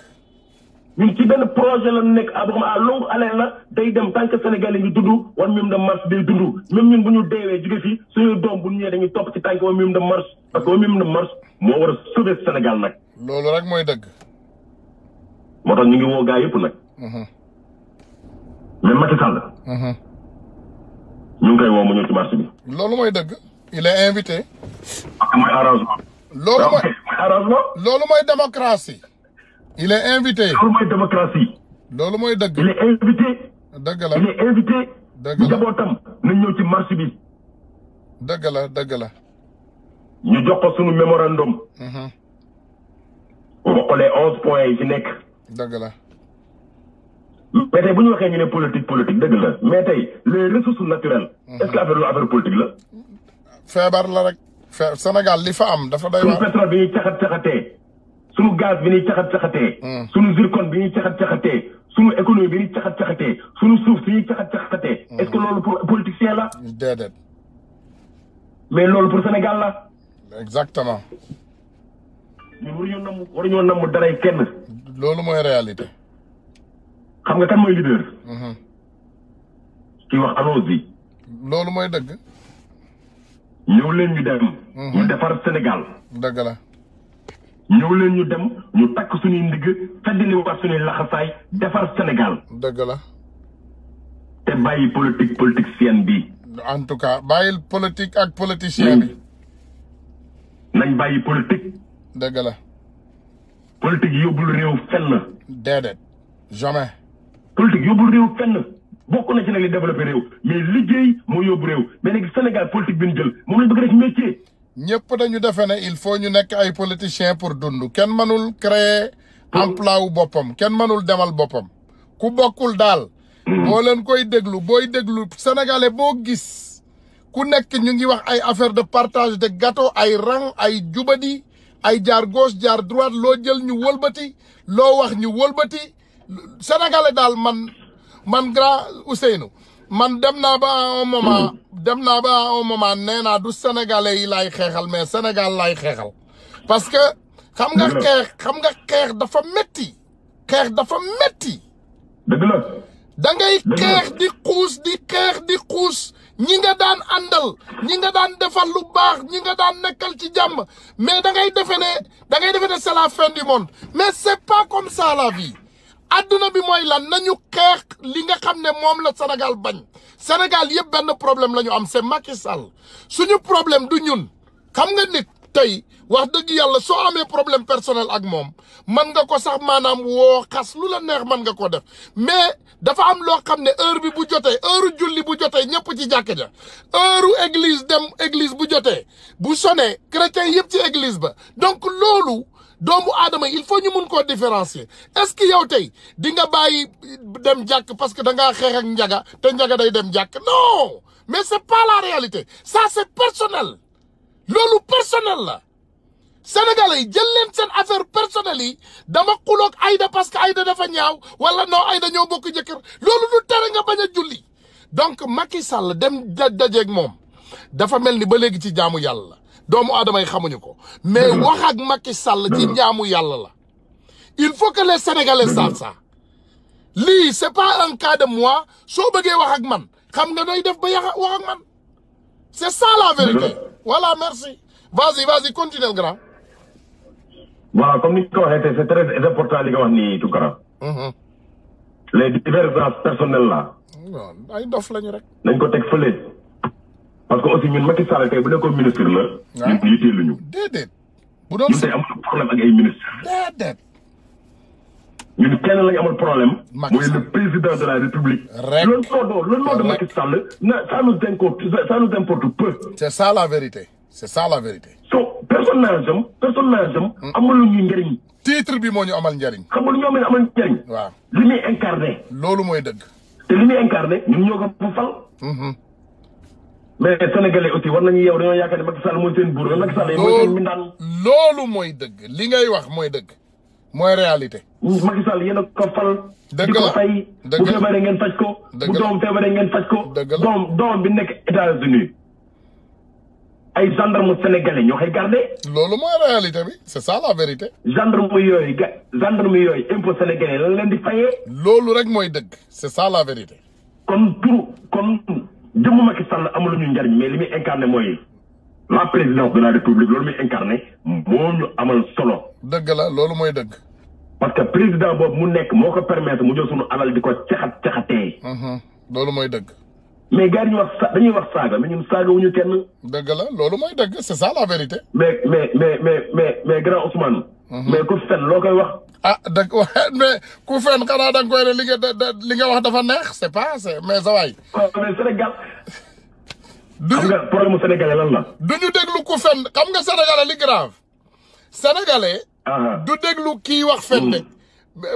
S2: ñun ci benn projet la nekk ah, à boo xam à la day dem tant que sénégalais ñu dund wan ñoom de marche day dund même ñun bu ñu deewee jóge fii suñu doom bu ñu ñëwee dañuy topp ci tànk wan ñoom de marche parce que wan ñoom de marche. moo war a sauver Sénégal nag. loolu rek mooy dëgg. moo tax ñu ngi woo gaa yëpp nag. Mhm. mais Macky mhm. ngi koy woo mu
S1: loolu mooy dëgg. il invité. parce que mooy arrangement. loolu mooy démocratie. il invité. loolu mooy loolu mooy dëgg. il est invité. dëgg la il invité. dëgg la njabootam
S2: nañ ñëw ci marché bi. dëgg la dëgg la. ñu jox ko suñu mémorandum. wax ko les onze points yi ci nekk. dëgg la. mais tey bu ñu waxee ñu ne politique politique dëgg la mais tey les ressources naturelles. Mhm. est-ce que affaire lu affaire politique
S1: am dafa doy
S2: waar. suñu pétrole bi bi ñuy caxat caxatee. suñu mhm. zircon bi ñuy caxat caxatee. suñu économie bi ñuy caxat suuf ñuy caxat caxatee. est-ce mhm. loolu pour
S1: la. déedéet.
S2: mais loolu pour Sénégal
S1: la. exactement. ñun waruñoo namm waruñoo loolu mooy réalité.
S2: xam nga kan mooy leader. Mhm. ki wax annonce bi. loolu mooy dëgg. ñëw leen ñu dem. Mhm. ñu defar Sénégal. dëgg la. ñëw leen ñu dem ñu takk suñuy ndigg feddali wax suñuy laxasaay defar Sénégal. dëgg la. te bàyyi politique politicienne bi.
S1: en tout cas bàyyil politique ak politicien
S2: bi. nañ bàyyi politique. dëgg la. politique yóbbul réew
S1: fenn. déedéet
S2: jamais. politique yóbbul réew fenn bokk na ci nag li réew mais liggéey
S1: moo yóbbu réew mais nag Sénégal politique jël moom lañ bëgg def métier. ñëpp dañu defe ne il faut ñu nekk ay politiciens pour dund kenn mënul créer emploi boppam kenn mënul demal boppam ku bokkul daal. Hmm. boo leen koy déglu booy déglu sénégalais boo gis. ku nekk ñu ngi wax ay affaire de partage de gâteau ay rang ay jubadi ay jaar gauche jaar droite loo jël ñu wëlbati loo wax ñu wëlbati sénégalais daal man man grand Ousseynou man dem naa ba à un dem naa ba à un nee naa du sénégalais yi laay xeexal mais Sénégal laay xeexal parce que xam nga xeex nga xeex dafa metti xeex dafa metti dëgg xeex di xuus di xeex di xuus ñi nga daan àndal ñi nga daan defal lu baax ñi nga daan nekkal ci jàmm mais da ngay defe ne dangay ngay defe ne c'est la fin du monde mais c'est pas comme ça la àdduna bi mooy lan nañu xeex li nga xam ne moom la Sénégal bañ Sénégal yëpp na problème la ñu am c'est sal Sall suñu problème du ñun xam nga nit tey wax dëgg yàlla soo amee problème personnel ak moom man nga ko sax maanaam woo xas lu la neex man nga ko def mais dafa am loo xam ne heure bi bu jotee heure julli bu jotee ñëpp ci jàkka ja heure église dem église bu jotee bu sonné chrétien yëpp ci église ba donc loolu doomu aadama il faut ñu mën koo différencier est-ce que yow tey di nga bàyyi dem jàkk parce que da ngaa xeex ak njaga te njaga day dem jàkk non mais c'est pas la réalité ça c'est personnel loolu personnel la senegal yi jël leen seen affaire personnelle yi dama xuloog Aïda parce que Aïda dafa ñaaw wala non Aïda ñoo bokk jëkkër loolu lu tere nga bañ a julli donc Macky Sall dem dajeeg moom dafa mel ni ba léegi ci jaamu yàlla la doomu aadama yi xamuñu ko mais wax ak Macky Sall ci njaamu yàlla la il faut que les sénégalais savent ça lii c'est pas un cas de soo bëggee wax ak man xam nga nooy def ba yax wax ak man c'est ça la voilà merci vas-y vas-y continuel grand.
S2: voilà comme ni ko waxee tey c'est très important li nga wax nii Tounkara. Mhm. les divergences personnelles là.
S1: waaw ay dof lañu rek.
S2: nañ ko teg fële. parce que aussi ñun Macky Sall tey bu nekkoon ministre la. waaw ñun ñu teeluñu. bu doon si ñun tey amuñu problème ak ay ministres. déedéet. ñun kenn lañu amal problème. mooy le la république. rek le nom le nom de Macky Sall. na ça nous importe ça nous importe peu. c' est ça la vérité c' est ça la vérité. son personnage am personnage am. Hmm. amaluñu njëriñ. titre bi moo ñu amal njariñ xam nga ñoom ñu amal njëriñ. waaw li muy incarné. loolu mooy dëgg. te li muy incarné ñun ñoo ko fal. Hmm. mais sénégalais aussi war nañu yow dañoo yaakaar ne Macky Sall mooy seen buur Macky Sall mooy seen mindaan.
S1: loolu mooy dëgg li ngay wax mooy dëgg. mooy réalité. Macky Sall yéen a ko fal. dëgg la di ko fay bu feebaree ngeen faj ko. bu doom feebaree ngeen faj ko. dëgg la doom doom bi
S2: nekk États-Unis ay gendarme sénégalais ñoo koy gardé.
S1: loolu mooy réalité bi c' est ça la vérité. gendarme yooyu ga gendarme yooyu impôt sénégalais lan leen di fayee. loolu rek mooy dëgg c' est ça la vérité. kon turu kon jëmmu Macky
S2: Sall amul ñu njariñ mais li muy incarné mooy. la présidence de la loolu la loolu mooy dëgg. parce que président boobu mu nekk moo ko permettre mu jël suñu alal di mhm. mooy dëgg. mais gars yi wax dañuy wax saaga mais ñun saaga wuñu la loolu mooy dëgg c'est ça la vérité. mais mais mais mais
S1: mais mais grand mhm. ku fen loo koy wax. ah dëgg waaye mais ku fen xanaa da koy li nga li nga wax dafa neex c'est pas c'est mais sa waay. mais Sénégal.
S2: xam
S1: du ñu déglu ku fenn xam nga sénégalais li grave sénégalais. du déglu kii wax fen de.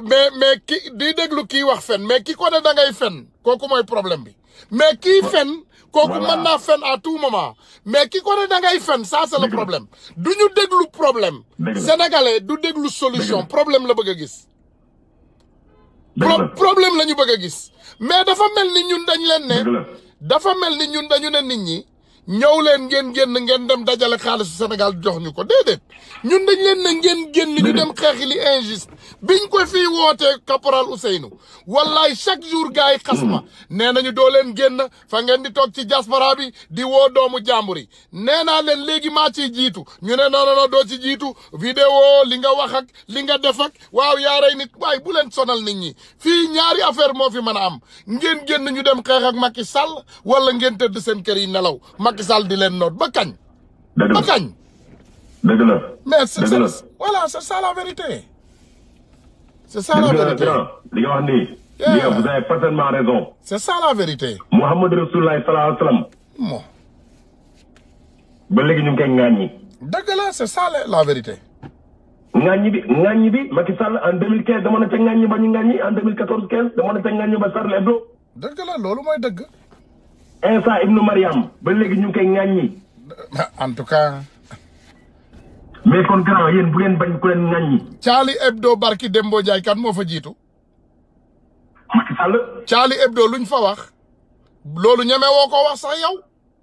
S1: mais mais di déglu kii wax fen mais ki ko da ngay fen kooku mooy problème bi mais kii fen. kooku mën naa fen à tout moment mais ki da ngay fen ça c'est problème. du ñu déglu problème. sénégalais du déglu solution problème la bëgg a gis. problème la ñu bëgg a gis mais dafa mel ni ñun dañ leen ne dafa mel ni ñun dañu ne nit ñi ñëw leen ngeen génn ngeen dem dajale xaalisu Sénégal jox ñu ko déedéet ñun dañ leen ne ngeen génn ñu dem xeexi li injuste biñ ko fii wootee caporal Ousseynou wallaay chaque jour gars yi xas ma nee nañu doo leen génn fa ngeen di toog ci diaspora bi di woo doomu jàmbur yi nee naa leen léegi maa ciy jiitu ñu ne non non doo ci jiitu vidéo li nga wax ak li nga def ak waaw yaare rey nit waaye bu leen sonal nit ñi fii ñaari affaire moo fi mën a am ngeen génn ñu dem xeex ak Macky Sall wala ngeen tëdd seen kër yi nelaw Macky Sall di leen noot ba kañ. ba kañ. dëgg la la mais c'est ça voilà c'est ça la vérité
S2: li nga wax nii. vous avez parfaitement raison.
S1: c'est ça la vérité.
S2: Mouhamad Rasulullah sallallahu alayhi wa
S1: sallam.
S2: ba léegi ñu ngi koy
S1: dëgg la c'est ça la
S2: vérité. ŋàññi bi ŋàññi bi Macky Sall en 2015 dama ne ca ŋàññi ba ñu ŋàññi en 2014 15 dama ne ca ŋàññi ba Charlie Hebdo. dëgg la loolu mooy dëgg. Insa ibnu Mariam ba léegi ñu ngi koy mais
S1: kon gannaaw yéen bu leen ku leen ŋaññi. Charlie Hebdo barki Dembo moo fa jiitu. Macky Sall. luñ fa wax. loolu ñeme woo ko wax sax yow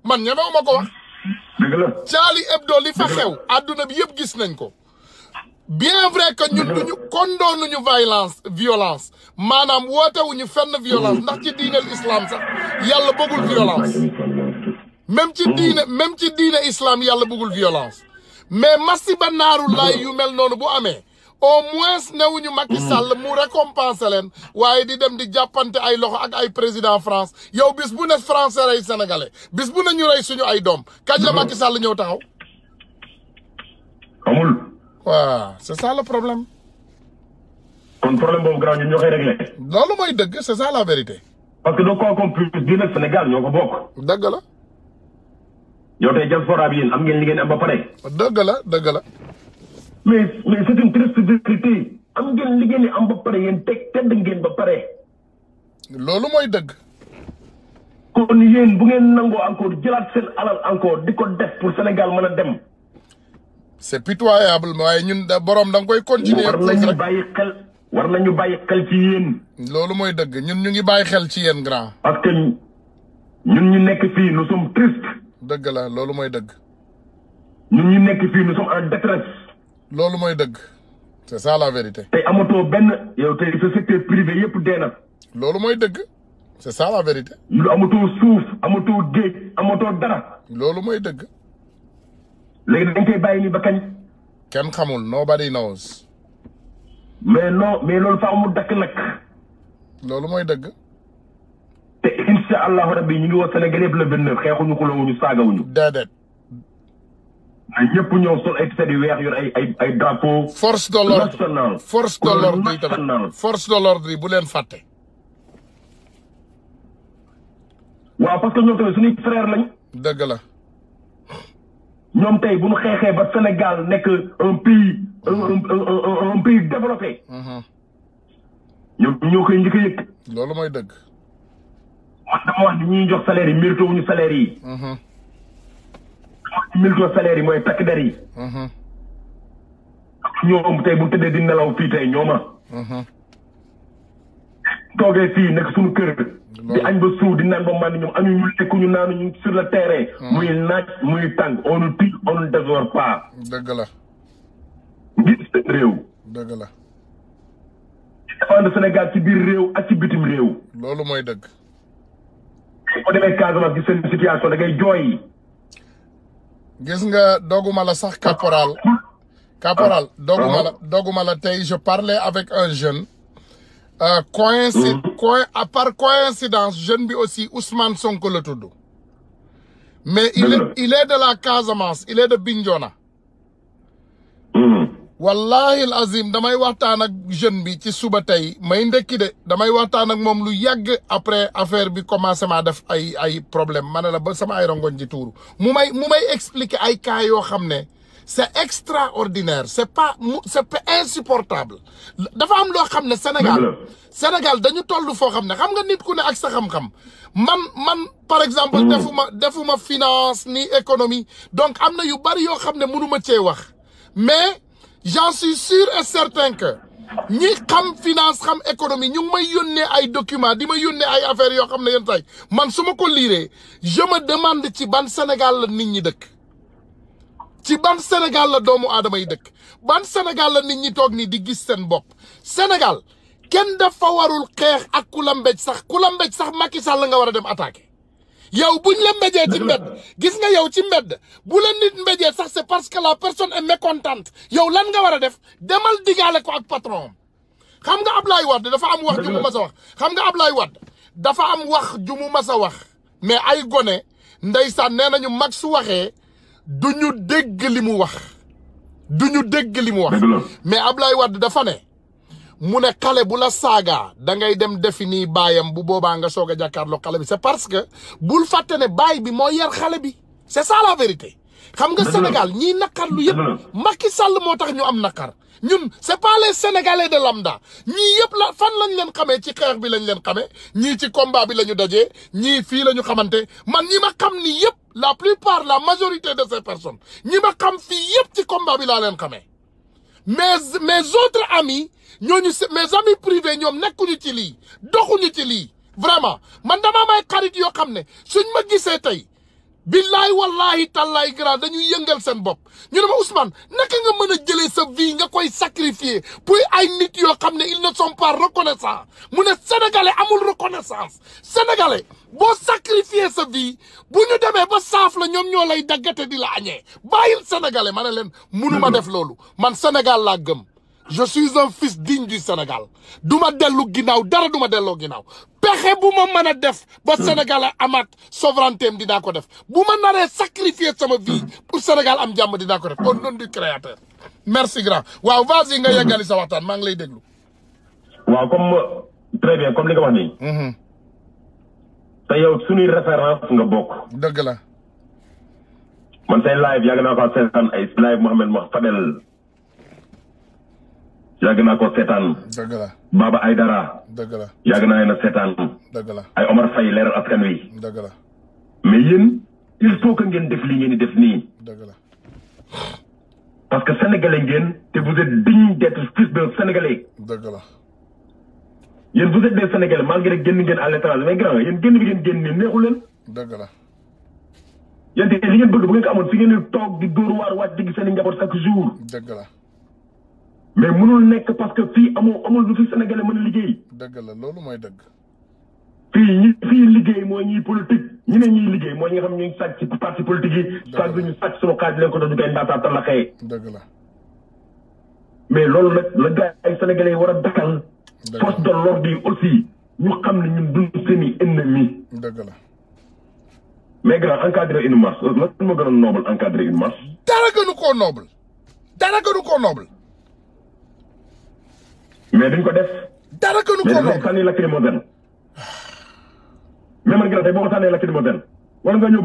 S1: man ñeme wu ma ko wax. dëgg la Charlie li fa xew. adduna bi yëpp gis nañ ko. bien vrai que ñun duñu condoonuñu violence violence maanaam wootewuñu fenn violence ndax ci diineel islam sax yàlla bëggul violence. même ci diine même islam yàlla bëggul violence. mais masiba naaru lay yu mel noonu bu amee au moins newuñu Macky Sall mu récompenser leen waaye di dem di jàppante ay loxo ak ay président France yow bis bu ne français rey sénégalais bis bu ne ñu rey suñu ay doom kañ la Macky Sall ñëw taxaw amul waaw c'est ça le
S2: problème kon problème boobu grand ñun ñoo koy réglé loolu mooy dëgg c'est ça la vérité parce que doo ko compris bii nag Sénégal ñoo ko bokk dëgg la yow tey diaspora bi yéen am ngeen li ngeen am ba pare. dëgg la dëgg la. mais mais c'est une triste vérité am ngeen li ngeen am ba pare yéen teg tedd ngeen ba pare. loolu mooy dëgg. kon yéen bu ngeen nangoo encore jëlaat seen alal encore di ko def pour Sénégal mën a dem. c'est pitoyable
S1: waaye ñun da boroom da koy continuer. war nañu bàyyi xel war bàyyi xel ci yéen. loolu mooy dëgg ñun ñu ngi bàyyi xel ci yéen grand. parce que ñun ñu nekk fii nous sommes tristes. dëgg la loolu mooy dëgg. ñun ñu nekk fii nous sommes en détresse. loolu mooy dëgg. c'est ça la vérité. tey amatoo benn yow tey sa privé yëpp dee na. loolu mooy dëgg. c'est ça la vérité. lu amatoo suuf amatoo géej amatoo dara. loolu mooy dëgg. léegi dañ koy bàyyi nii ba kañ. kenn xamul nobody knows. mais non mais loolu faaw mu dakk nag. loolu mooy dëgg.
S2: incha allahu rabbi ñu ngi woo Sénégal yëpp le vingt neuf xeexuñu xulóowuñu saagawuñu. déedéet. ay ñëpp ñëw sol ay tiset yu weex yor ay
S1: ay ay drapeau. force de l'ordre force de l'ordre yi force de l'ordre bu leen fàtte.
S2: waaw parce que ñoom tamit suñuy frère lañ. dëgg la. ñoom tey bu ñu xeexee ba Sénégal nekk un pays un un un pays développé. Mm-hmm. ñoo koy njëkk a loolu mooy dëgg. man dama wax ni ñuy jox salaire yi mérito wuñu salaire yi. dama mhm. wax mooy takk der yi. Mhm. ñoom tey fii tey ñooma. Mhm. toogee fii nekk suñu kër. di añ ba suuf di naan ba man ñoom añuñu lekkuñu naanuñu sur le terrain. muy naaj muy tàng on ne tue on ne dévore pas. réew. dëgg ci défendre Sénégal ci biir
S1: réew ak ci bitim réew. loolu mooy dëgg. boo demee Casamance gis seen situation da jooy. gis nga doguma la sax caporal. caporal ah. doguma ah. la doguma la tey je parlais avec un jeune. Euh, mm. coïncide coïn jeune bi aussi Ousmane Sonko la tudd. mais il est de la Casamance il est de Bignona. Mm. wallahi azim damay waxtaan ak jeune bi ci suba tey may ndekki de damay waxtaan ak moom lu yàgg après affaire bi commencé maa def ay ay problème ma ne la ba sama ay rongoñ di tuuru mu may mu may expliquer ay cas yoo xam ne c'est extraordinaire c'est pas c'est pas insupportable dafa am loo xam ne Sénégal Sénégal dañu toll foo xam ne xam nga nit ku ne ak sa xam-xam man man par exemple mm. defuma defuma finance ni économie donc am na yu bari yoo xam ne mënuma cee wax mais j'en suis sûr et certain que ñi xam finance xam économie ñu ngi may yónnee ay documents di may yónnee ay affaires yoo xam ne yéen tey man su ma ko liiree je me demande ci ban Sénégal la nit ñi dëkk ci ban Sénégal la doomu aadama yi dëkk ban Sénégal la nit ñi toog nii di gis seen bopp Sénégal kenn dafa warul xeex ak ku la mbej sax ku la mbéj sax Macky Sall nga war a dem attaqué yow buñ la mbéjee ci mbedd gis nga yow ci mbedd bu leen nit mbéjee sax c'est parce que la personne est mécontente yow lan nga war a def demal digaale ko ak patron xam nga Ablaye Wade dafa am wax ju mu mas wax xam nga Ablaye Wade dafa am wax ju mu mas a wax mais ay gone ndeysaan nee nañu mag su waxee du ñu dégg li mu wax du ñu dégg li mu wax mais ab Ablaye Wade dafa ne mu ne xale bu la saaga da ngay dem defi nii baayam bu boobaa nga soog a jàkkaarloo xale bi c'est parce que bul fàtte ne baay bi moo yar xale bi c'est ça la vérité. xam nga Sénégal ñii naqar lu yëpp Macky Sall moo tax ñu am naqar ñun c'est pas les sénégalais de lambda ñii yëpp la fan lañu leen xamee ci xeex bi lañ leen xamee ñii ci combat bi la ñu dajee ñii fii la ñu xamante man ñi ma xam ni yëpp la plupart la majorité de ces personnes ñi ma xam fii yëpp ci combat bi laa leen xamee mes mes autres amis ñooñu mes amis privés ñoom nekkuñu ci lii doxuñu ci lii vraiment man damaa may xarit yoo xam ne suñ ma gisee tey billaay wallahi tallaay grand dañuy yëngal seen bopp ñu ne ma Ousmane naka nga mën a jëlee sa vie nga koy sacrifier pour ay nit yoo xam ne ils ne sont pas reconnaissants mu ne sénégalais amul reconnaissance sénégalais boo sacrifier sa vie bu ñu demee ba saaf la ñoom ñoo lay daggate di la añee bàyyil sénégalais ma ne leen mënuma def loolu man Sénégal laa gëm je suis un fils digne du Sénégal du ma dellu ginnaaw dara du ma delloo ginnaaw pexe bu ma mën a def ba Sénégal amaat souveraineté am dinaa ko def bu ma naree sacrifier sama vie pour Sénégal am jàmm dinaa ko def au nom du créateur merci grand waaw vas nga yeggali sa waxtaan maa ngi lay déglu waaw comme très bien comme li nga wax nii mhm. te yow suñuy référence nga bokk dëgg
S2: la man say live yàgg naa ko seetaan ay live Mouhamed Mouhamed Fadel yàgg naa ko seetaan. dëgg la Baba Aydara. dëgg la yàgg naa leen a seetaan. la ay Omar Faye leeral askan wi. mais yéen il faut que ngeen def li ngeen di def nii. dëgg la parce que sénégalais ngeen te vous êtes digne d'être fils d'un sénégalais. dëgg la yéen vous êtes des sénégalais malgré génn ngeen à l'étranger mais grand yéen génn bi ngeen génn nii neexu leen. dëgg la. yéen te li bëgg bu ngeen ko amoon fi ngeen di toog di dóor waar wàcc di gis seen njaboot chaque jour. la. mais mënul nekk parce que fii amoo amul lu fi sénégalais mën liggéey.
S1: dëgg la loolu mooy dëgg.
S2: fii ñi fii liggéey mooy ñiy politique ñi ne ñiy liggéey mooy ñi xam ñu ngi sàcc ci parti politique yi. dëgg la sàcc ñu sàcc sunu kaaj leen ko doon ñu koy dëgg la. mais loolu nag la gars ay sénégalais yi war a dakkal. force de l'ordre yi aussi ñu xam ne ñu duñ seeni ennemi. dëgg la. mais grand encadrer une a noble encadrer une marche.
S1: dara gënu koo noble. dara gënu koo noble. mais dañ ko def. dara gënu ko gerte boo ko
S2: sànnee lacrymogène war nga ñëw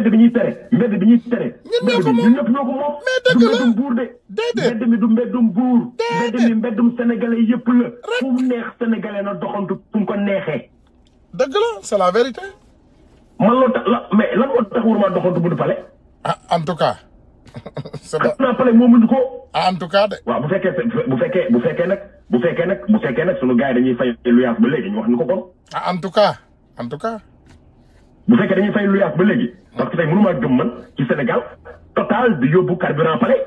S2: bi ñuy tere mbedd bi ñuy tere. ñun ñoo ko moom de. déedéet mbedd mi du
S1: neexee. dëgg la c'est la vérité. man tax la mais lan moo tax waruma doxantu bu du pale. ah en tout cas. plan palais moo mën ko. en tout cas de.
S2: waaw bu fekkee bu fekkee bu fekkee nag bu fekkee nag bu fekkee nag sunu gars yi dañuy fay luyaas ba léegi ñu wax nu ko kon. a en tout cas en tout bu fekkee dañuy fay luyaas ba léegi. parce que tey mënu maa gëm man ci Sénégal total di yóbbu carburant palais.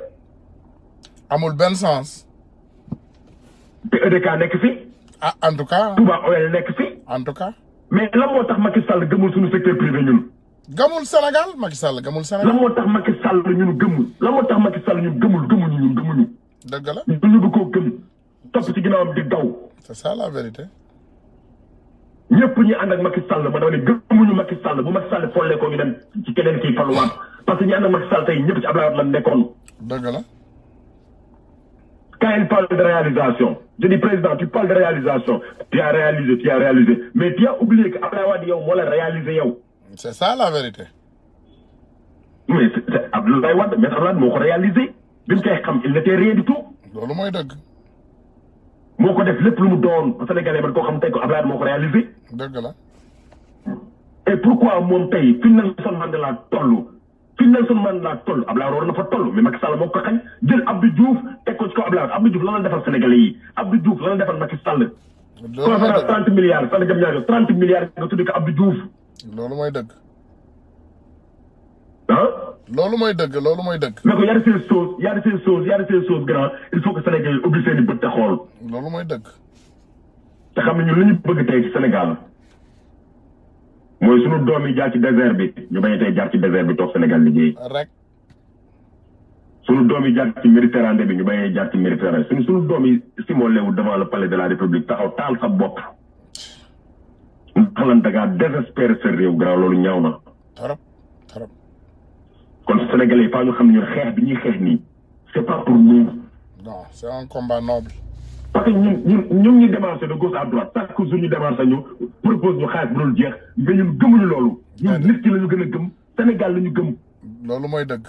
S2: amul benn sens. te EDK nekk fi. a ah, en tout cas. Touba Oil nekk fi. en tout cas. mais lan moo tax Macky Sall gëmul suñu secteur privé ñun.
S1: gamul Sénégal Macky Sall gamul Sénégal. la
S2: moo tax Macky Sall ñun gëmul la moo tax Macky Sall ñun gëmul gëmul ñun gëmuñu. dëgg la ñun ñu ko koo gëm topp ci ginnaawam di daw. c'est ça la vérité. ñëpp ñu ànd ak Macky Sall ba dama ne gëmuñu Macky Sall bu Macky Sall follee ko ñu dem ci keneen kii faluwaat parce que ñu ànd ak Macky Sall tey ñëpp ci Abdoulaye Wade la nekkoon. dëgg la. quand il parle de réalisation je dis président tu parles de réalisation yow yow. c'est ça la vérité. mais c'est Abdoulaye moo ko réalisé bi mu koy xam il n'était rien du tout. loolu mooy dëgg. moo ko def lépp lu mu doon Sénégalais man koo xam tey ko Abdoulaye moo ko réalisé. dëgg la. et pourquoi moom tey fi Nelson Mandela toll fi Nelson Mandela toll Abdoulaye war na fa toll mais Macky Sall moo ko xañ jël Abdou Diouf teg ko ci kaw Abdoulaye Abdou Diouf lan la defal Sénégalais yi Abdou Diouf lan la defal Macky Sall. loolu mooy dëgg conférence 30 milliards Sall jëm ñaar 30 milliards nga tudd loolu mooy dëgg. ah.
S4: loolu mooy dëgg loolu mooy dëgg.
S2: mais que y a de ces choses y a de ces choses y grand il faut que Sénégal yi ubbi seen i bët te xool. loolu mooy dëgg. te xam ne ñun lu bëgg tey Sénégal mooy sunu doom yi jaar ci désert bi ñu bañ a tey jaar ci désert bi toog Sénégal liggéey. rek. sunu doom yi jaar ci Méditerranée bi ñu bañ a jaar ci Méditerranée sunu sunu doom yi simolé wu devant le palais de la République taxaw taal sa bopp. xalan da ngaa désespéré sa réew grand loolu ñaw na. trop trop. kon Sénégalais yi ñu xam ne ñun xeex bi ñuy xeex nii c' est pas pour nous. non c' est un combat noble. parce que ñun ñun ñun ñu démarché de gauche à droite chaque jour ñu démarché ñu propose ñu xaalis bu dul jeex nga ñun gëmuñu loolu. ñun nit ki la ñu gën a gëm Sénégal la ñu gëm. loolu mooy dëgg.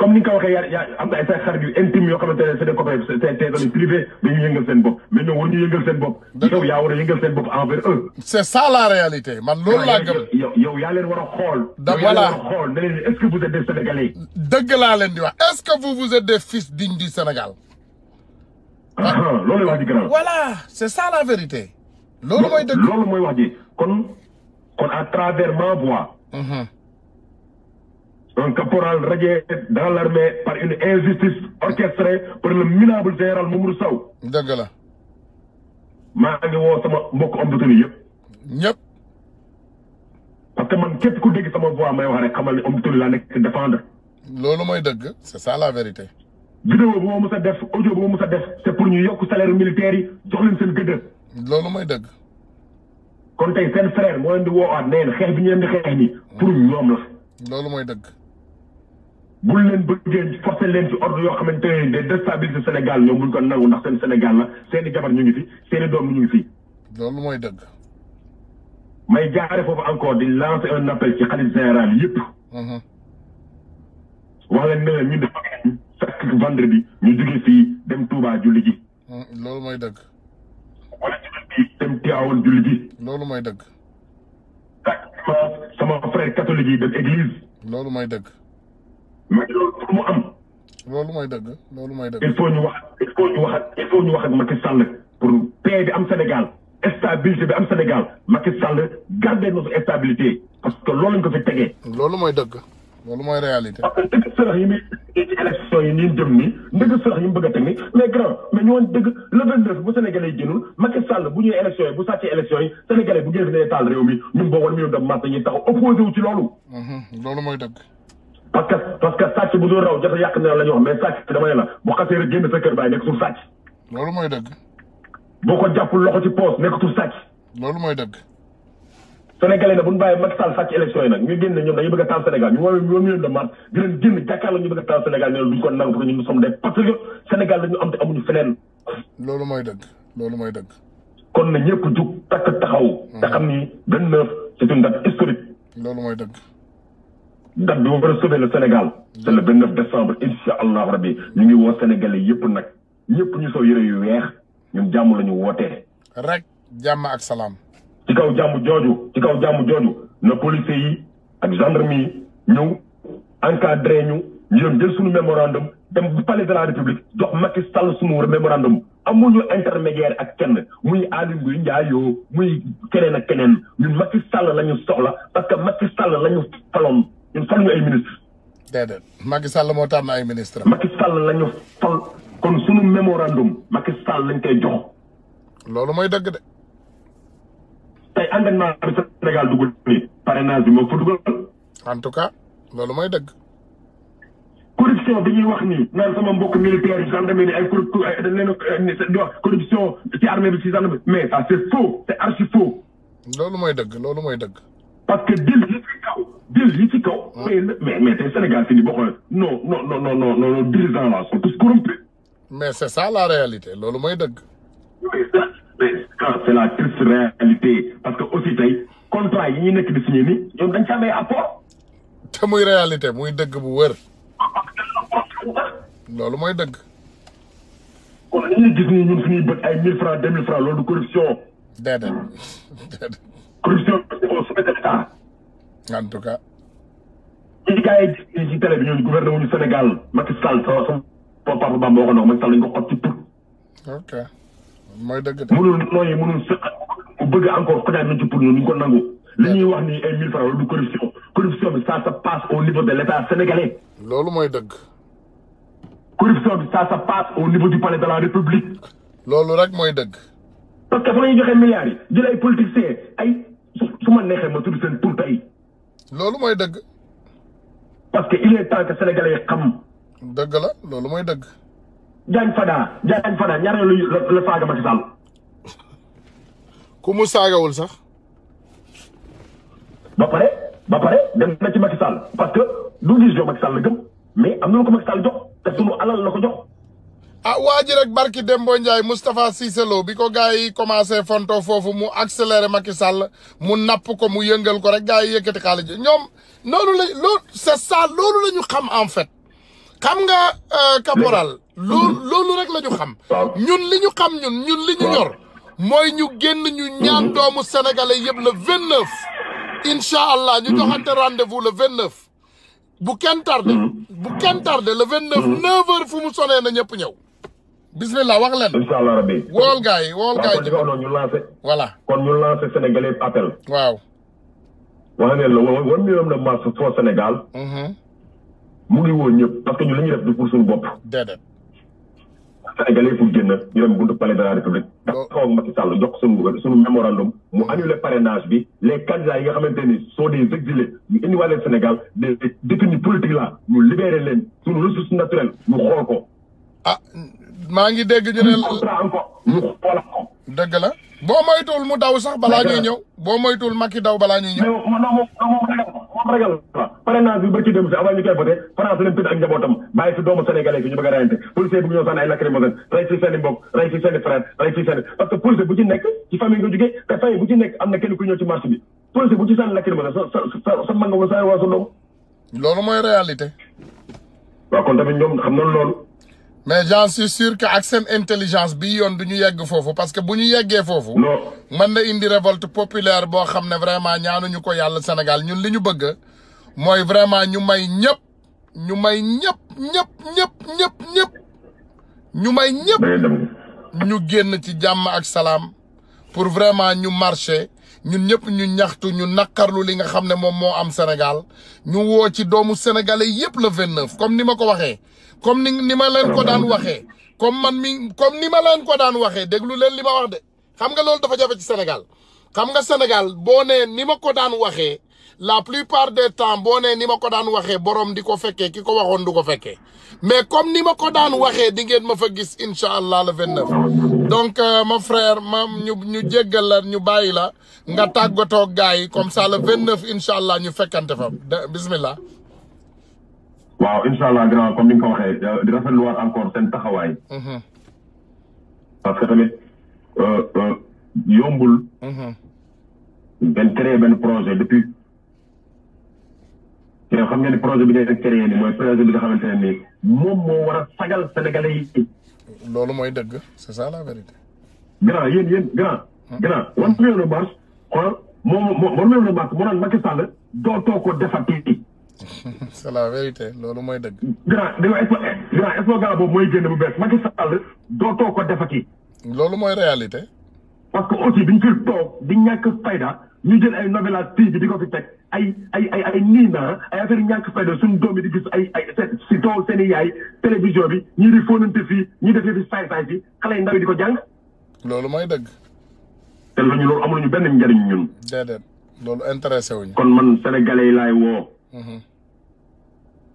S2: comme ni nga ko waxee yaa yaa am na ay xarit yu intime yoo xamante ne c'est des copains c'est des privés dañuy yëngal seen bopp mais ñoom waruñu yëngal seen bopp. yaa war a yëngal
S1: seen bopp envers eux. c'est ça la loolu ah, laa gëm.
S2: yow yaa leen war a xool. da voilà yow yaa xool ne
S1: leen est-ce que vous dëgg laa leen di wax est-ce que vous vous êtes
S2: ah, ah, loolu la wax ji gën
S1: voilà c'est ça la loolu
S2: mooy dëgg loolu mooy wax ji kon kon à travers ma voix. Mhm. un caporal radié dans l'armée par une injustice orchestrée par le minable général Mamour Sow. dëgg la. maa ngi woo sama mbokk homme de tenue yëpp. ñëpp. parce que man képp ku dégg sama voix may wax rek xamal ne homme de tenue laa nekk défendre.
S1: loolu mooy dëgg c'est ça la vérité.
S2: vidéo bu moo mës a def audio bu ma def c'est pour ñu yokk salaire militaire yi jox leen seen gëdd. loolu mooy dëgg. kon tey seen frère moo leen di woowaat nee na xeex bi ñu leen loolu mooy dëgg. bul leen bëggee forcé leen ci ordre yoo xamante ne day déstabiliser Sénégal ñoom buñ ko nangu ndax seen Sénégal la ñu ngi fi seen i doom ñu ngi fi. loolu mooy dëgg. may jaare foofu encore di lancer un appel ci xarit général yëpp. Mhm. wax leen ne leen ñu def chaque vendredi ñu jóge fii dem Touba julli ji.
S4: Mhm, loolu mooy dëgg.
S2: wala
S1: dëgg. sama frère catholique yi dem église. loolu mooy dëgg. Macky loolu pour mu am. loolu mooy dëgg
S4: loolu mooy
S2: dëgg. il faut ñu wax il faut ñu wax il faut ñu wax ak Macky Sall pour paix bi am Sénégal stabilité bi am Sénégal Macky Sall garder notre stabilité parce que loolu lañ ko fi tegee. loolu mooy dëgg. loolu mooy réalité. parce que dëgg sërëx yi muy élection nii jëm nii dëgg sërëx yi mu bëgg a teg nii mais grand mais ñu woon dëgg le 29 bu Sénégalais yi génnul Macky Sall bu ñëwee élection yi bu sàccee élection yi Sénégalais bu génn fi ne taal réew mi ñu mhm, mooy dëgg. parce que parce que sàcc bu doon raw jot a yàq ne la ñu wax mais sàcc dama ne la bu xasee rek génn sa kër bàyyi nekkatul sàcc. loolu mooy dëgg. boo ko jàppul loxo ci poos nekkatul sàcc. loolu mooy dëgg. Sénégalais nag bu ñu bàyyi Macky Sall sàcc élection yi nag ñu génn ñoom dañu bëgg a taal Sénégal ñu woowee woon million de mars di leen génn jàkkaarloo ñu bëgg a taal Sénégal ñu ne duñ ko nangu parce que ñun nous sommes des patriotes Sénégal dañu am te amuñu feneen. mooy dëgg kon na ñëpp jug takk taxaw. te xam ni 29 c'est une date historique. loolu mooy dëgg. ndax du war a sauver le Sénégal c'est le 29 décembre incha allah rabbi ñu ngi woo Sénégalais yëpp nag ñëpp ñu sow yëre yu weex ñu jàmm la ñu wootee. rek
S1: jàmm ak salaam.
S2: ci kaw jàmm jooju ci jàmm jooju na policiers yi ak gendarmerie yi ñëw encadré ñu ñu dem jël suñu mémorandum dem par palais de la république jox Macky Sall suñu mémorandum amuñu intermédiaire ak kenn muy Aly Ngouille Ndiaye muy keneen ak keneen ñun Macky Sall la ñu soxla parce que Macky Sall la ñu faloon. ñun fal ñu ay ministre
S1: déedéet Macky Sall moo tànn ay ministre Macky
S2: Sall la ñu fal kon sunu mémorandum Macky Sall lañ koy jox. loolu mooy dëgg de. tey engagement bi Sénégal dugg nii parrainage bi moo fa dugal. en tout cas loolu mooy dëgg. corruption bi ñuy wax nii naan sama mbokk militaire yi gendarmerie ay leen di wax corruption ci armée bi ci gendarmerie mais ça c' est faux archi faux. loolu mooy dëgg loolu mooy dëgg. parce que Jésus kaw. Ah. mais mais mais tey Sénégal si li bokkoon non non non non non non dirigeant la sont tous corrompus.
S1: mais c' est ça la réalité loolu mooy dëgg. mais ça mais ça c'
S2: est la triste réalité parce que aussi tey contrat yi ñuy nekk di signé nii ñoom dañ ci amee apport.
S1: te muy réalité muy dëgg bu wër. loolu mooy dëgg. kon li ñuy gis nii ñun suñuy bët ay mille francs deux mille francs loolu du corruption. déedéet
S3: déedéet.
S2: corruption bi c' est au sommet de l' État. en tout cas. syndicat yi ci télé bi ñooñu gouvernement du Sénégal Macky Sall sama sama papa Bamba waxoon na ko Macky Sall ñu ok mooy dëgg de. mënul nooyi mënul sëq ku bëgg encore fajal nañ ci put ñun ñu ko nangu. li ñuy wax ni ay mille francs loolu du corruption corruption bi ça se passe au niveau de l' état loolu mooy dëgg. corruption bi ça se passe au niveau du palais de la république. loolu rek mooy dëgg. parce que fa la ñuy joxe milliards yi jël ay ay su ma neexee ma tudd seen tur tey. loolu mooy dëgg. parce que il est temps que sénégalais yi xam. dëgg loolu mooy dëgg. Diagne Fada Diagne Fada ñaareelu la saaga Macky Sall. ku mu sax. ba pare ba pare dem na ci
S1: parce que du vision Macky Sall la gëm mais am na lu ko Macky Sall jox te alal la jox. ah waa ji rek barki Dembo Ndiaye Moustapha Cissé Lo bi ko gars yi commencé fonto foofu mu accéléré Macky Sall mu napp ko mu yëngal ko rek gars yi yëkkati xaalis ñoom noonu la loolu c'est ça loolu la xam en fait xam nga euh, caporal loolu loolu rek la ñu xam ñun li ñu xam ñun ñun li ñu ñor mooy ñu génn ñu ñaan doomu sénégalais yëpp le vingt neuf allah ñu joxante rendez-vous le vingt neuf bu kenn tardé bu kenn tardé le vingt neuf fu mu sonee na ñëpp ñëw bismillah wax leen incha allah rabbi wool gars yi wool ñu lancé voilà
S2: kon ñu lancé sénégalais appel waaw wax ne la wan million de mars foo Sénégal mhm. mu ngi woo ñëpp parce que ñu li ñuy def du pour suñu bopp déedéet sénégalais pour génn ñu dem buntu palais de république da xaw ak Macky Sall jox suñu mémorandum mu mhm. annulé parrainage bi les candidats yi nga xamante ni soo des exilés ñu indiwaale Sénégal des détenus politiques là ñu libéré leen suñu ressource naturelle ah
S1: maa ngi dégg ñu ne. dëgg la boo moytuwul mu daw sax balaa ñuy ñëw. boo moytuwul Macky daw balaa ñuy ñëw. moom ragal
S2: parrainage bi ba a rayante policier bu ñu ñëw sànni ay lacrymogène rey ci seen i mbokk rey i frère rey ci i parce que policier bu ci nekk ci famille nga jógee te famille bu ci nekk am na kenn ku ñëw ci marché bi policier bu ci sànni lacrymogène sa sa manga wa sa waa loolu
S1: mooy réalité. waaw kon tamit ñoom xam nañ loolu. mais j'en suis sûr que ak seen intelligence bi yoon du ñu yegg foofu parce que bu ñu yeggee foofu. mën na indi révolte populaire boo xam ne vraiment ñaanuñu ko yàlla senegal ñun li ñu bëgg mooy vraiment ñu may ñëpp ñu may ñëpp ñëpp ñëpp ñëpp ñëpp ñu may ñëpp ñu génn ci jàmm ak salaam pour vraiment ñu marché ñun ñëpp ñu ñaxtu ñu naqarlu li nga xam ne moom moo am Sénégal ñu woo ci doomu sénégalais yëpp la 29 comme ni ma ko waxee. comme ni ni ma leen ko daan waxee comme man mi comme ni ma leen ko daan waxee déglu leen li ma wax de xam nga loolu dafa jafe ci Sénégal xam nga Sénégal boo nee ni ma ko daan waxee la plupart de temps boo nee ni ma ko daan waxee borom di ko fekkee ki ko waxoon du ko fekkee mais comme ni ma ko daan waxee di ngeen ma fa gis incha allah le 29. donc euh, ma frère ma ñu ñu jéggal la ñu bàyyi la nga tàggatoo ak gars yi comme ça le 29 incha allah ñu fekkante fa bismillah
S2: waaw incha allah grand comme ni nga waxee di rafetluwaat encore seen taxawaay. Mm-hmm. parce que tamit euh, euh, yombul. benn mm-hmm. créé benn projet depuis. mais xam ngeen ni projet bi ngeen créé nii mooy ne nii moom moo war a sagal sénégalais loolu mooy dëgg c'est ça la vérité. grand yéen yéen grand. Mm. grand wan réew na bars xool moom moo wan réew na bars moo naan Macky
S1: c'est la vérité loolu mooy dëgg.
S2: grand di nga grand slogan boobu mooy génn bu bees Macky Sall dootoo ko defati. loolu mooy réalité. parce que bi ñu fi toog di ñàkk fayda ñu jël ay novelas tii bi di ko fi teg ay ay ay ay nii naa ay affaire ñàkk fayda suñu doom yi di gis ay ay si tool seen i yaay télévision bi ñii di fóonante fii ñii defee fi saay saay fii xale yu ndaw di ko jàng. loolu mooy dëgg. te loolu loolu amul ñu benn njëriñ ñun. déedéet
S1: loolu intéressé
S2: man sénégalais yi laay woo. Mhm.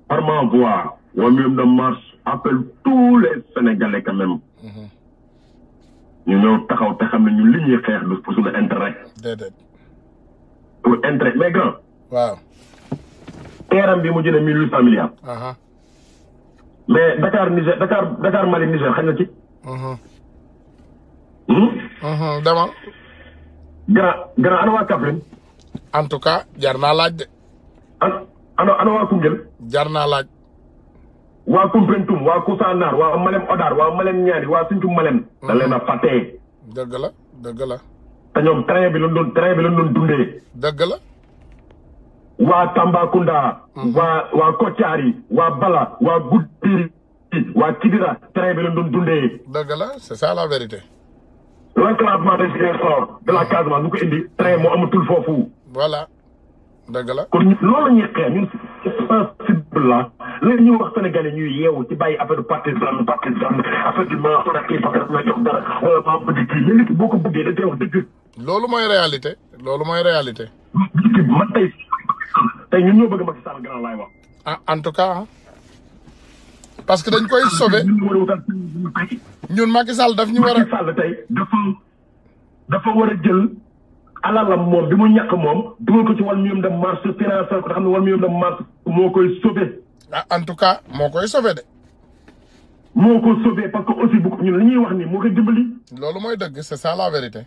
S2: par ma voix au milieu de marche appelle tous les sénégalais quand même. Mhm. ñu ñëw taxaw te xam ne ñu li ñuy xeex du pour suñu intérêt. déedéet. pour intérêt mais grand. waaw. teeram bi mu jëlee mille huit cent milliards. mais Dakar Niger Dakar Dakar Mali Niger xañ na ci. Mhm. Hmm? Mhm, dama. grand grand ana waa Kaffrine. en tout cas jar laaj de. ana ana waa Koungheul. jar naa laaj. waa Koumpentoum waa Kousanaar waa Malem Odar waa Malem Niani waa Sinthiou Malem. da hmm. leen a fàttee. dëgg la dëgg la. te ñoom train bi lañ doon train bi lañ doon dundee. dëgg la. waa Tambacounda. Hmm. waa waa Kotiari waa Bala waa Goudiri waa bi
S1: la c'est ça la vérité.
S2: l'éclatement de Casamance lu ko indi train moo amatul foofu. voilà. dëgg la kon loolu la ñuy xeex ñun sensible la léegi ñuy wax bi ma xanaa
S1: euh, ko bëggee da loolu mooy réalité loolu mooy réalité. nit ki man tey tey ñun ñoo bëgg Macky Sall grand laay wax. ah en tout cas parce que dañ koy sauver ñun Macky Sall daf ñu war a. Macky Sall tey dafa dafa war a jël.
S2: alalam moom bi mu ñàkk moom dugal ko ci wàllu miyum dem marché financier moo koy sauvé. Ah, en tout cas moo koy sauvé de. moo ko sauvé parce que aussi bu ñun li ñuy wax nii moo koy dimbali.
S1: loolu mooy dëgg c'est ça la vérité.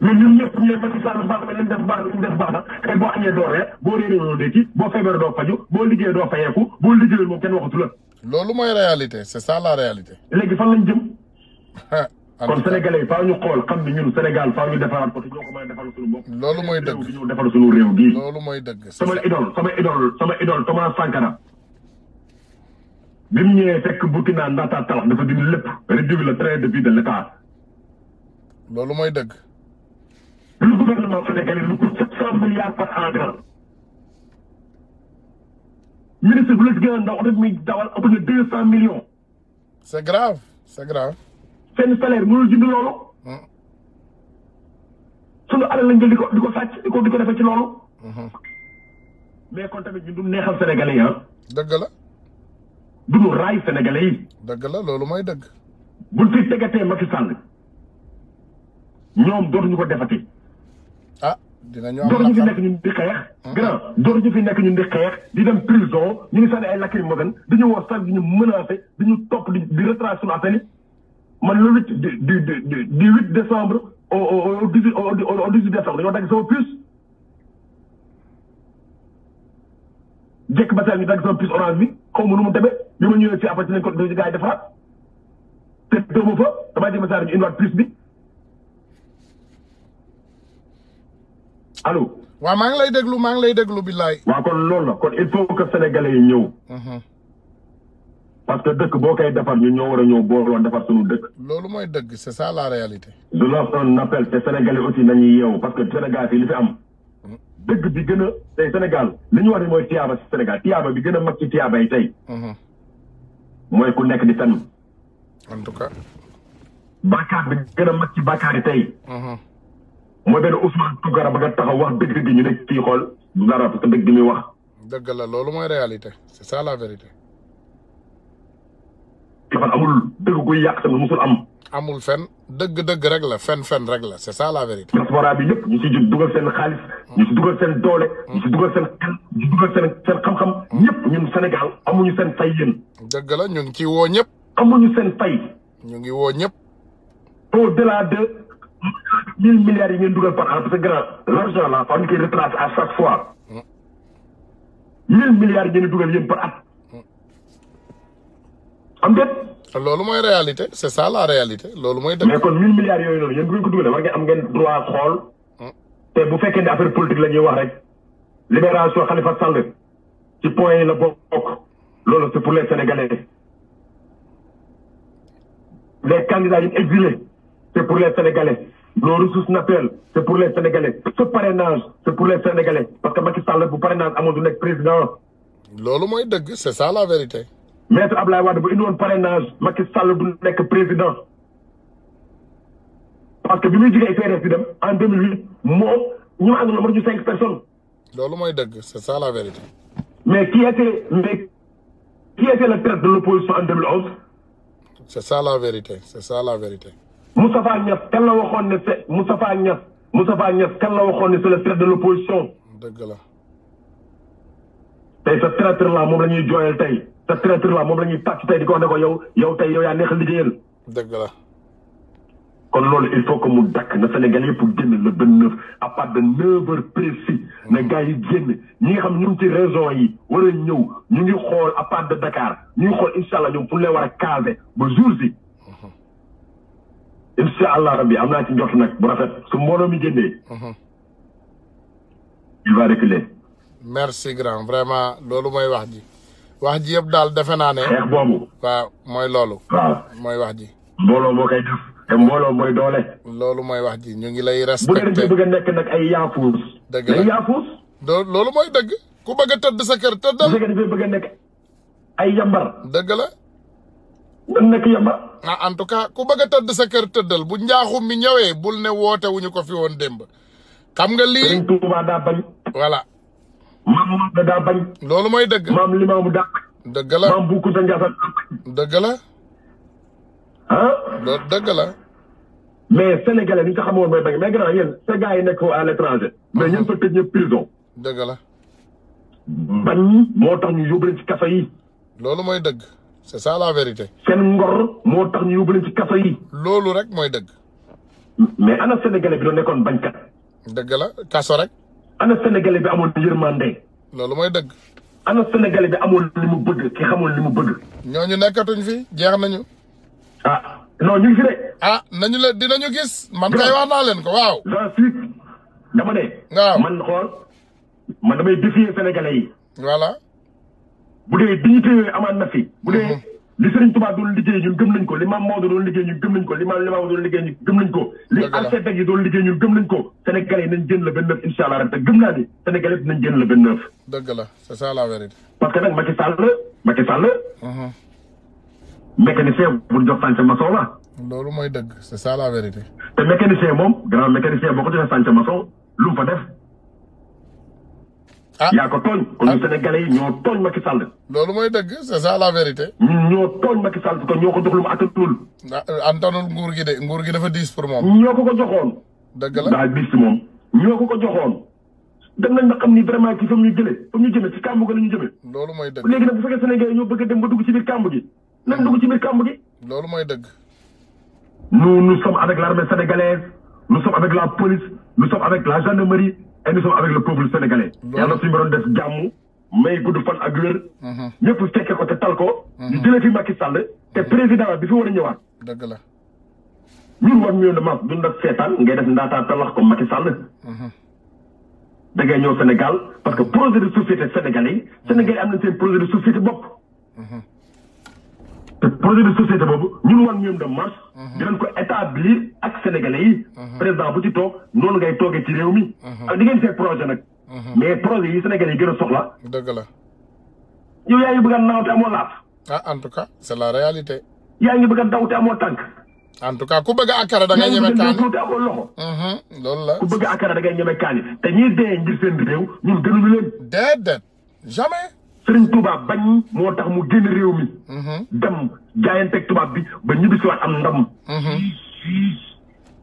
S2: mais ñun ñëpp ñu ne Macky Sall baax na baax na te boo añee doo reer boo réeree doo dékki boo feebaree doo faju boo liggéeyee doo fayeeku boo liggéeyul moom kenn waxatu la.
S1: loolu mooy réalité c'est ça la réalité.
S2: léegi fan lañ jëm. kon sénégalais yi faaw ñu xool xam ne ñun Sénégal faaw ñu a defal suñu bopp. loolu mooy dëgg réew bi ñoo defal suñu réew gii. loolu mooy dëgg. sama idole sama idole sama idole Thomas Ndata Talax dafa dindi
S1: lépp réduire le train de vie de l' état. loolu mooy dëgg.
S2: lu gouvernement sénégalais lu ko million cent milliards par an. seen salaire mënul jënd loolu. Hmm. sunu alal lañ jël di ko di ko sàcc di ko di defee ci loolu. Hmm. mais kon tamit ñun du neexal sénégalais yi ah. dëgg la. du ñu raay sénégalais yi. dëgg la loolu mooy dëgg. bu fi tegatee Macky Sall ñoom dootuñu ko defati. ah dinañu am dootuñu fi nekk ñun di xeex. Hmm. grand ñu fi nekk ñu di xeex di dem prison ñu ngi sànni ay lacrymogène di ñu woo sax di ñu menacé di ñu topp di di retracer suñu affaire yi. man le huit du du du du huit décembre au au dix huit au dix huit décembre dañoo dagg sama puce jekk ba saa ñu dagg sama puce orange bi xaw ma nu mu demee bi ma ñëwee fii après dinañ ko dinañ gars yi defaraat
S1: te doomu fa damaa jëm saa ñu indiwaat puce bi allo. waaw maa ngi lay déglu maa ngi lay déglu billaay. waaw kon loolu la kon il
S2: faut que sénégalais yi ñëw. Mm-hmm. parce que dëkk boo koy defar ñu ñoo war a ñëw booloo defar suñu dëkk. loolu mooy dëgg c'est ça la réalité. je lance un appel te sénégalais aussi nañuy yeewu que Sénégal fii dëgg bi gën a tey Sénégal li ñu wax ni mooy tiyaaba si Sénégal tiyaaba bi gën a mag ci tiyaaba yi tey. Mhm. mooy ku nekk di fen. en tout cas. bàkkaar bi gën a mag ci bàkkaar yi tey. Mhm. mooy benn Ousmane Tounkara ba nga taxaw wax dëgg gi ñu ne kii xool dara parce que dëgg gi muy wax.
S1: dëgg la loolu mooy réalité c'est ça la vérité.
S2: dafa amul dëgg kuy yàq te musul am.
S1: amul fen dëgg-dëgg rek la fen fen rek la c'est ça la vérité. diaspora
S2: bi yëpp ñu si dugal seen xaalis. ñu si dugal seen doole. ñu si dugal seen xel ñu si dugal seen seen xam-xam. ñëpp ñun Sénégal amuñu seen fay yéen. dëgg ñu ngi ciy woo ñëpp. amuñu seen fay. ñu ngi woo ñëpp. au delà de mille yi ngeen dugal par an parce que grand l'argent là on koy retrace à chaque fois. Mm. mille milliards yi ngeen dugal yéen par at. am déet. loolu mooy
S1: réalité c'est ça la réalité loolu mooy.
S2: mais kon mille yooyu noonu yéen bu ngeen ko dugalee war ngeen am ngeen droit xool. Hmm. te bu fekkee ne affaire politique la ñuy wax rek. libération Khalifa Sall ci point yi la bokk loolu c'est pour les sénégalais. les candidats yi exilés c'est pour les sénégalais. le ressource naturelle c'est pour les sénégalais. ce parrainage c'est pour les sénégalais parce que Macky Sall bu naan amoon du nekk président.
S1: loolu mooy dëgg c'est ça
S2: maître Ablaye Wade bu indi woon parrainage Macky Sall du nekk président parce que bi muy jugee PDS bi dem en 2008 moom ñu ma àndaloon ba ñu cinq personnes.
S1: loolu mooy dëgg c'est ça la vérité.
S2: mais qui était mais qui était le tête de l'opposition en 2011. c'est ça
S4: la vérité c'est ça la vérité.
S2: Moustapha Niass kan la waxoon ne c'est Moustapha Niass Moustapha Niass kan la waxoon ne c'est le tête de l'opposition. dëgg la. tey sa traître la moom la ñuy jooyal tey. te traître la moom la ñuy tàcc tey di ko ne ko yow yow tey yow yaa neexal liggéeyal. dëgg la. kon loolu il faut que mu dakk na Sénégal yëpp génn le vingt neuf à part de neuf heures précis na gars yi génn ñi nga xam ñu ngi ci région yi war a ñëw ñu ngi xool à part de Dakar ñu ngi xool incha allah ñoom fu ñu war a casé ba jour si. Mhm. incha allah rabbi am naa ci njot nag bu rafet su mbooloo mi génnee. Mhm. il va reculer.
S1: merci grand vraiment loolu mooy wax ji. wax ji yëpp daal defe naa ne. xeex boobu. mooy loolu. waaw mooy wax ji.
S2: mbooloo moo koy mooy doole.
S1: loolu mooy wax ji ñu ngi lay. respecté bu ngeen bëgg a nekk loolu mooy dëgg. ku bëgg a tëdd sa kër tëddal. bu ngeen dëgg la. ngeen en tout cas ku a tëdd sa kër tëddal bu njaaxum mi ñëwee bul ne woote wuñu ko fi woon démb. xam nga lii. Sëriñ maam maam da bañ. loolu
S2: mooy dëgg. maam limaamu daa bañ. dëgg la maam bu Kunta Njaasaan daa bañ. dëgg la. ah. loolu dëgg la. mais sénégalais li ñu ko xamoon mooy bañ mais grand yéen sa gars yi nekk à l' étranger. mais ñun mhm. fa tëj ñëpp prison. dëgg la. bañ moo tax ñu yóbbu yi.
S1: loolu mooy dëgg. c' est ça la vérité.
S2: seen ngor moo tax ñu yóbbu leen ci kaso yi. loolu rek mooy dëgg. mais ana sénégalais bi doon nekkoon bañkat.
S1: dëgg la kaso rek. ana sénégalais bi amoon yërmande. loolu mooy dëgg. ana sénégalais bi amoon li mu bëgg ki xamoon li mu bëgg. ñooñu nekkatuñ fi jeex nañu. ah non ñu ngi fi de. ah nañu la dinañu gis. man kay wax leen ko waaw. la suite dama ne. waaw man xool man damay défier sénégalais yi. voilà.
S2: bu dee dignité amaan na fi bu dee. Mhm. li Serigne Touba doon liggéey ñun gëm nañ ko li Maam Maodo doon liggéey ñun gëm nañ ko li Maam Limaamu doon liggéey ñun gëm nañ ko li archevêque yi doon liggéey ñun gëm nañ ko sénégalais yi nañ génn le vingt neuf insha àllah ren gëm naa ni sénégalais nañ génn le vingt
S4: dëgg la c'est ça la vérité
S2: parce que nag Macky Sall Macky Sall mhm. mécanicien bu jox sànca maçon la
S4: loolu mooy dëgg c'est ça la vérité
S2: te mécanicien moom grand mécanicien boo ko joxee sànca maçon lu mu fa def ah yaa ko tooñ. kon ñu ah. Sénégalais yi ñoo
S1: tooñ Macky Sall. loolu mooy dëgg c'est ça la vérité. ñun ñoo tooñ Macky Sall parce que ñoo ko jox lu mu attanul. ah antanul nguur gi de nguur gi dafa diis pour moom. ñoo ko ko joxoon. dëgg la daa diis moom.
S2: ñoo ko ko joxoon. dem nañ ba xam ni vraiment ci fa ñu jëlee fa mu ñu jëmee ci kàmb ga la ñu jëmee.
S1: loolu mooy dëgg léegi nag
S2: bu fekkee Sénégalais ñoo bëgg a dem ba dugg ci biir kàmb gi. nañ dugg ci loolu mooy dëgg. nous nous sommes avec l'armée sénégalaise nous sommes avec la police nous sommes avec émission avec le peuple sénégalais. yàlla na suñu borom def jàmm. may gudd fan ak wér. Uh-huh. ñëpp fekke ko te tal ko. Uh-huh. ñu jëlee fi Macky Sall. te uh-huh. président bi fi war a ñëwaat. dëgg la. ñun war ñu ne ma duñ def seetaan ngay def ndaataa talax ko Macky Sall. da ngay ñëw Sénégal parce que projet de société sénégalais yi. Sénégal am nañ seen projet de société bopp. te projet de société boobu ñun wan ñoom de marche. Mhm. dinañ ko établir ak sénégalais yi. Mhm. président bu ci toog noonu ngay toogee ci réew mi. Mhm. ak di ngeen seet projet nag. mais projet yi sénégalais yi gën a soxla. dëgg la. yow a naaw te amoo laaf.
S1: ah en tout cas c' la réalité.
S2: yaa ngi bëgg a daw te en tout cas ku bëgg a akkara da ngay ñeme kaani te amoo la ku bëgg a dee ngir seen réew ñun gënuñu leen. jamais. sëriñ Touba bañ moo tax mu génn réew mi. Mhm. dem jaayanteeg tubaab bi ba ñibbi si am ndam. Mhm.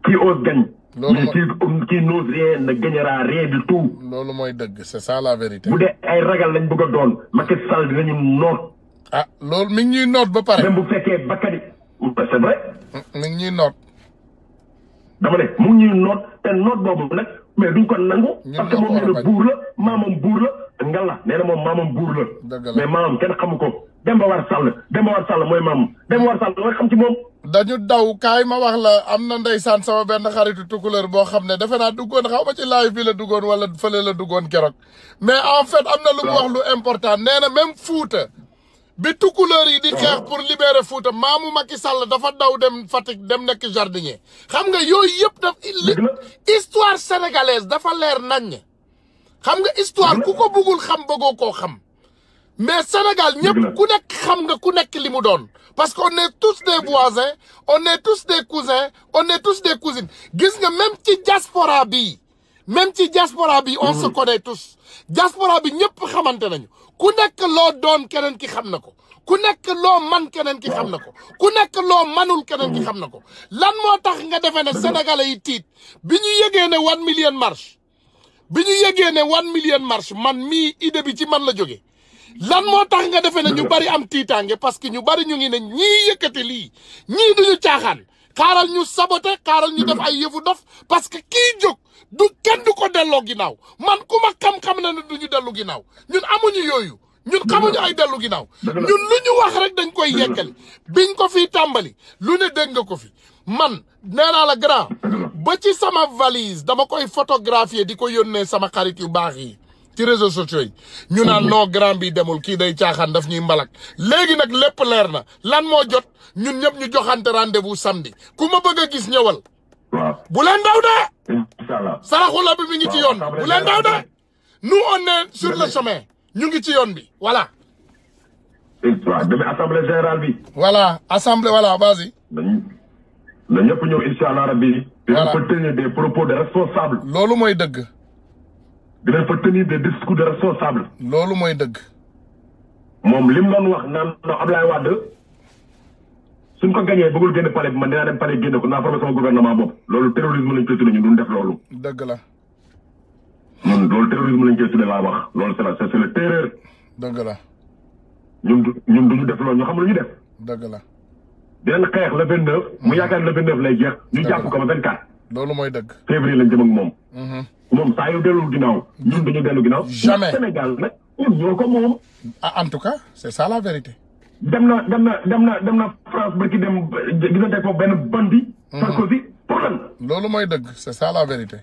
S2: kii ose gañ. loolu mooy mais kii
S1: loolu mooy dëgg c'est ça la vérité. bu dee
S2: ay ragal lañ bëgg a doon Macky Sall dinañu noot. ah loolu mi ñuy noot ba pare. même bu fekkee bakkadi c'est vrai. mi ngi ñuy noot. dama ne mu ñuy noot te noot boobu nag. mais duñ ko nangu. parce que moom nee na buur la maamam buur la ngalla nee na moom maamam buur la. mais maamam kenn xamu ko. Demba War Sall Demba War Sall mooy maam Demba War Sall nga xam ci moom.
S1: dañu daw kaay ma wax la am na ndeysaan sama benn xaritu tukulër boo xam ne defe naa duggoon xaw ma ci laay bi la duggoon wala fële la duggoon keroog. mais en fait am na lu mu wax lu important nee na même Fuuta. bi tukkuleer yi di xeex pour libérer Fouta maamu Macky Sall dafa daw dem Fatick dem nekk jardinier xam nga yooyu yëpp daf histoire sénégalaise dafa leer nañ xam nga histoire ku ko bëggul xam bëggoo koo xam mais senegal ñëpp ku nekk xam nga ku nekk li mu doon parce que on est tous des voisins on est tous des cousins on tous des cousines gis nga même ci diaspora bi même ci diaspora bi on mmh. se connaît tous diaspora bi ñëpp xamante nañu ku nekk loo doon keneen ki xam na ko ku nekk loo man keneen ki xam na ko ku nekk loo manul keneen ki xam na ko lan moo tax nga defee ne sénégalais yi tiit bi ñu yëgee ne one million marche bi ñu yëgee ne one million marche man mii idée bi ci man la jóge lan moo tax nga defee ne ñu bari am tiitaange parce que ñu bari ñu ngi ne ñii yëkkate lii ñii duñu caaxaan xaaral ñu saboté xaaral ñu def ay yëfu dof parce que kii jóg du kenn du ko delloo ginnaaw man ku ma xam-xam na ne du ñu dellu ginnaaw ñun amuñu yooyu ñun xamuñu ay dellu ginnaaw ñun lu ñu wax rek dañ koy yekkali biñ ko fi tàmbali lu ne dégg nga ko fi man nee naa la grand ba ci sama valise dama koy photographier di ko yónnee sama xarit yu baax yi ci réseau sociaux ñu mm-hmm. naan noo grand bi demul kii day caaxaan daf ñuy mbalak léegi nag lépp leer na lan moo jot ñun ñëpp ñu joxante rendez-vous samedi ku ma bëgg a gis ñëwal bu leen daw de saraxula bi mi ci yoon bi le chemin ñu ngi ci yoon bi voilà
S2: demee bi
S1: voilà assemblée voilà vas-y
S2: ñëpp ñëw incha loolu mooy dëgg dina fa tenir des discours de responsable. loolu mooy dëgg. moom li mu doon wax naan non Ablaye Wade suñ ko gañee bëggul génn palais bi man dinaa dem palais génne ko naa formé sama gouvernement bopp loolu terrorisme lañ koy tuddee ñu duñ def loolu. dëgg la. moom loolu terrorisme lañ koy tuddee laa wax loolu c'est la c'est le terreur. dëgg la. ñun du ñun duñu def loolu ñu xam lu ñu def. dëgg la. dinañ xeex le 29. mu yaakaar le 29 lay jeex. ñu jàpp ko ba 24. loolu mooy dëgg. février lañ jëm moom. Mhm. moom saa yu dellu ginnaaw ñun dañu dellu ginnaaw. jamais Sénégal nag ñun ñoo ko moom.
S1: ah en tout cas c'est ça la vérité.
S2: dem na dem na dem na dem na France ba ki dem gisante foofu benn bandi. Sarkozy pour lan.
S1: loolu mooy dëgg c'est ça la vérité.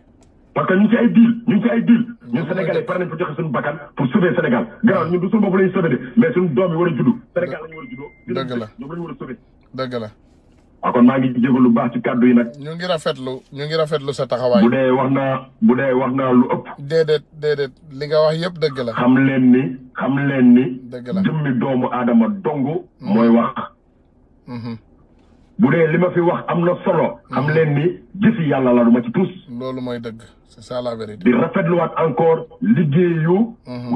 S2: parce que ñu ngi ci ay deal ñu ngi ci ay deal ñun sénégalais pare nañ fa joxe suñu bakkan pour sauver Sénégal garaaw ñun du suñu bopp la ñuy sauver de mais suñu doom war a juddu.
S1: Sénégal la ñu war a juddoo. dëgg la dëgg la. waaw kon maa ngi jégalu lu baax ci kàddu yi nag. ñu ngi rafetlu ñu ngi rafetlu sa taxawaay. bu dee wax naa
S2: bu dee wax naa lu ëpp.
S1: déedéet déedéet li nga wax yëpp dëgg la. xam
S2: leen ni xam leen ni. dëgg la jëmmi doomu aadama dong mhm. mooy wax. Mhm. bu dee li ma fi wax am na solo. xam mhm. leen ni jëfi yàlla la du ma ci tuus. loolu mooy dëgg c'est
S4: ça la vérité. di
S2: rafetluwaat encore liggéeyu.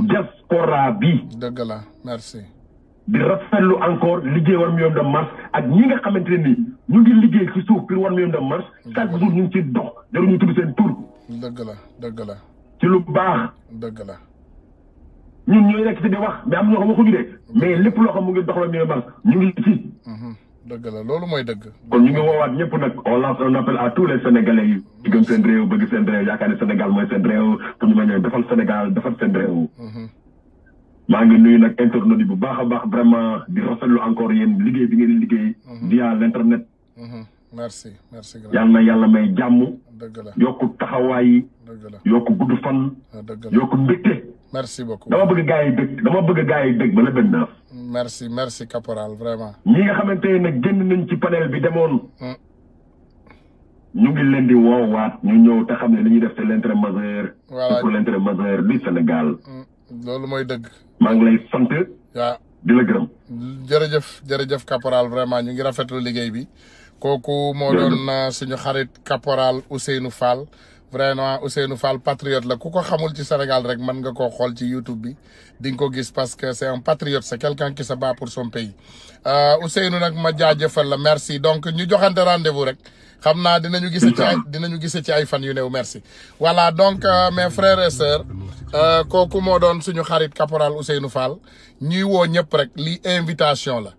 S2: diaspora bi. dëgg la merci. di rafetlu encore liggéey one million de mars ak ñi nga xamante ne nii ñu ngi liggéey ci suuf pour one million de mars chaque jour ñu ngi ciy dox jarul ñu tudd seen tur. dëgg la dëgg la. ci lu baax. dëgg la. ñu ñooy rek ci di wax mais am na xam waxuñu de mais lépp loo xam mu ngi dox la million de ñu ngi ci. Mhm. dëgg la loolu mooy dëgg. kon ñu ngi woowaat ñëpp nag on lance un appel à tous les sénégalais yi. di gëm seen réew bëgg seen réew yaakaar ne Sénégal mooy defal Sénégal defal seen maa ngi nuyu nag internet yi bu baax a baax vraiment di rafetlu encore yéen liggéey bi ngeen liggéey. Mhm. via l' internet.
S1: Mhm. merci merci. yàlla na yàlla may jàmm. dëgg la
S2: yokk taxawaay yi. dëgg la yokk gudd fan. Ah, dëgg la yokk mbégte.
S1: merci beaucoup dama bëgg
S2: gars yi dëgg dama bëgg gars yi dëgg ba la benn naaf.
S1: merci merci caporal vraiment.
S2: ñi nga xam ne nag génn nañ ci panel bi demoon. Hmm. ñu ngi leen di woowaat ñu ñëw te xam ne li ñuy def c'est l'intérêt majeur. voilà pour l'intérêt Sénégal.
S1: Hmm. loolu mooy dëgg. maa jërëjëf jërëjëf caporal vraiment ñu ngi rafetlu liggéey bi. kooku moo doon euh, suñu xarit caporal Ousseynou Fall. vraiment Ousseynou Fall patriote la ku ko xamul ci Sénégal rek mën nga koo xool ci YouTube bi di nga ko gis parce que c'est un patriote c'est quelqu'un qui se bat pour son pays. Euh, Ousseynou nag ma jaajëfal la merci donc ñu joxante rendez-vous rek. xam naa dinañu gise dinañu gise ci ay fan yu néew merci voilà donc euh, mes frères et sœurs euh, kooku moo doon suñu xarit caporal Ousseynou Fall ñuy woo ñëpp rek lii invitation la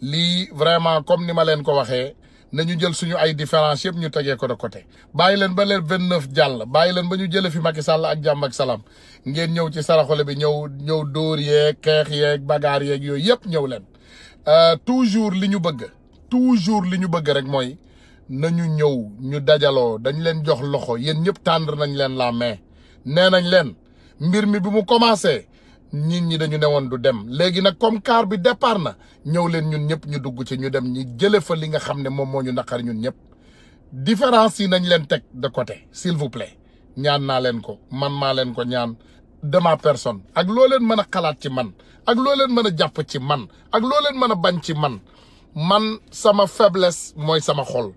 S1: lii vraiment comme ni ma leen ko waxee na ñu jël suñu ay différence yëpp ñu tegee ko de côté bàyyi leen ba leen vingt neuf jàll bàyyi leen ba ñu jële fi Macky Sall ak jàmm ak salaam ngeen ñëw ci saraxole bi ñëw ñëw dóor yeeg xeex yeeg bagaar yeeg yooyu yëpp ñëw leen euh, toujours li ñu bëgg toujours li ñu bëgg rek mooy nañu ñëw ñu dajaloo dañ leen jox loxo yéen ñëpp tendre nañ leen la main nee nañ leen mbir mi bi mu commencé nit ñi dañu newoon du dem léegi nag comme car bi départ na ñëw leen ñun ñëpp ñu dugg ci ñu dem ñi jële fa li nga xam ne moom moo ñu naqar ñun ñëpp différence yi nañ leen teg de côté s'il vous ñaan naa leen ko man maa leen ko ñaan de personne ak loo leen mën a xalaat ci man ak loo leen mën a jàpp ci man ak loo leen mën a bañ ci man man sama faiblesse mooy sama xol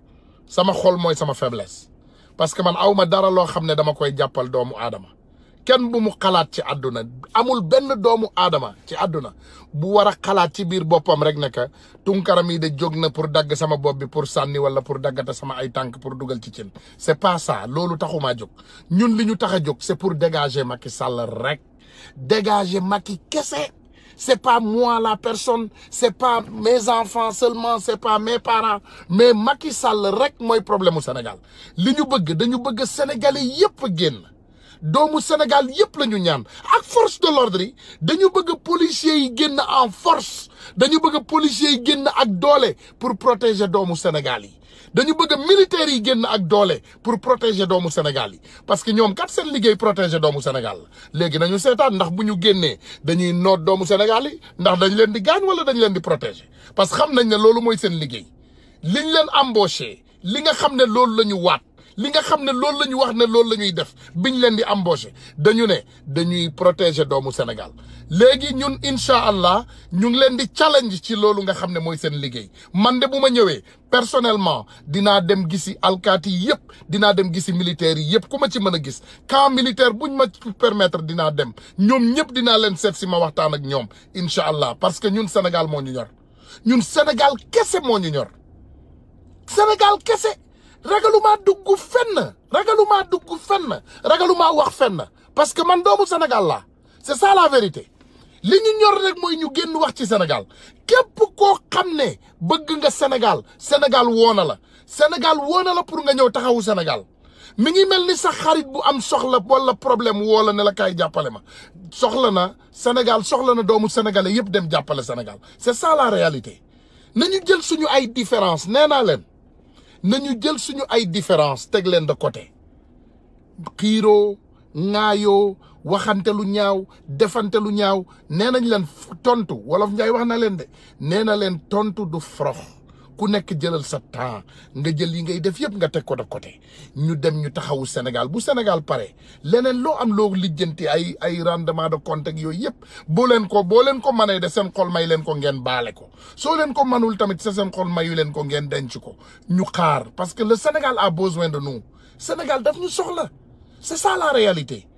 S1: sama xol mooy sama faiblesse parce que man aw ma dara loo xam ne dama koy jàppal doomu aadama kenn bu mu xalaat ci àdduna amul benn doomu aadama ci àdduna bu war a xalaat ci biir boppam rek ne que Tunkara mii de jóg na pour dagg sama bopp bi pour sànni wala pour daggata sama ay tànk pour dugal ci cin c'est pas ça loolu taxumaa jóg ñun li ñu tax a jóg c'est pour dégager Macky Sall rek dégager Macky kese c'est pas moi la personne c'est pas mes enfants seulement c'est pas mes parents mais Macky Sall rek mooy problème mu Sénégal li ñu bëgg dañu bëgg sénégalais yëpp génn doomu Sénégal yëpp lañu ñaan ak force de l'ordre dañu bëgg policiers yi génn en force dañu bëgg policiers yi génn ak doole pour protéger doomu Sénégal yi dañu bëgg militaires yi génn ak doole pour protéger doomu Sénégal yi parce que ñoom kat seen liggéey protéger doomu Sénégal la léegi nañu seetaan ndax bu ñu génnee dañuy noot doomu Sénégal yi ndax dañ leen di gaañ wala dañu leen di protéger parce que xam nañ ne loolu mooy seen liggéey liñ leen embauché li nga xam ne loolu la ñu waat li nga xam ne loolu la ñu wax ne loolu la ñuy def biñ leen di embauché dañu ne dañuy protéger doomu Sénégal léegi ñun incha allah ñu ngi leen di challenge ci loolu nga xam ne mooy seen liggéey man de bu ma ñëwee personnellement dinaa dem gisi alkaati yëpp dinaa dem gisi militaires yi yëpp ku ma ci mën a gis camp militaire buñ ma permettre dinaa dem ñoom ñëpp dinaa leen seet si ma waxtaan ak ñoom incha allah parce que ñun Sénégal moo ñu ñor ñun Sénégal kese moo ñu ñor Sénégal kese ragaluma dugg fenn ragaluma dugg fenn ragaluma wax fenn parce que man doomu Sénégal la c'est ça la vérité li ñu ñor rek mooy ñu génn wax ci Sénégal képp koo xam ne bëgg nga Sénégal Sénégal woo na la Sénégal woo na la pour nga ñëw taxawu Sénégal mi ngi mel ni sax xarit bu am soxla wala problème woo la ne la kaay jàppale ma soxla na Sénégal soxla na doomu sénégalais yëpp dem jàppale Sénégal c'est ça la réalité nañu jël suñu ay différence nee naa leen nañu jël suñu ay différence teg leen de côté xiiroo ŋaayoo waxante lu ñaaw defante lu ñaaw nee nañ leen tontu wolof Njaay wax na leen de nee na leen tontu du frox ku nekk jëlal sa temps nga jël yi ngay def yëpp nga teg ko de côté ñu dem ñu taxawu Sénégal bu Sénégal pare leneen loo am loo lijjanti ay ay rendement de compte yooyu yëpp boo leen ko boo leen ko mënee de seen xol may leen ko ngeen baale ko soo leen ko manul tamit sa seen xol mayu leen ko ngeen denc ko ñu xaar parce que le Sénégal a besoin de nous Sénégal daf soxla c'est ça la réalité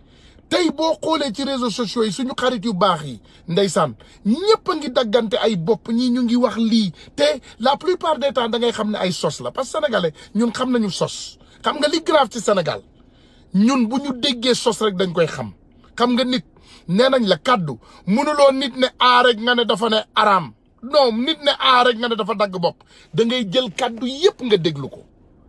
S1: tey boo xoolee ci réseaux sociaux yi suñu xarit yu baax yi ndeysaan ñëpp a ngi daggante ay bopp ñii ñu ngi wax lii te la plupart des temps da ngay xam ne ay sos la parce que sénégalais ñun xam nañu sos xam nga li grave ci senegal ñun bu ñu déggee sos rek dañ koy xam xam nga nit nee nañ la kàddu mënuloo nit ne aar rek nga ne dafa ne araam non nit ne aar rek nga ne dafa dagg bopp da ngay jël kàddu yëpp nga déglu ko.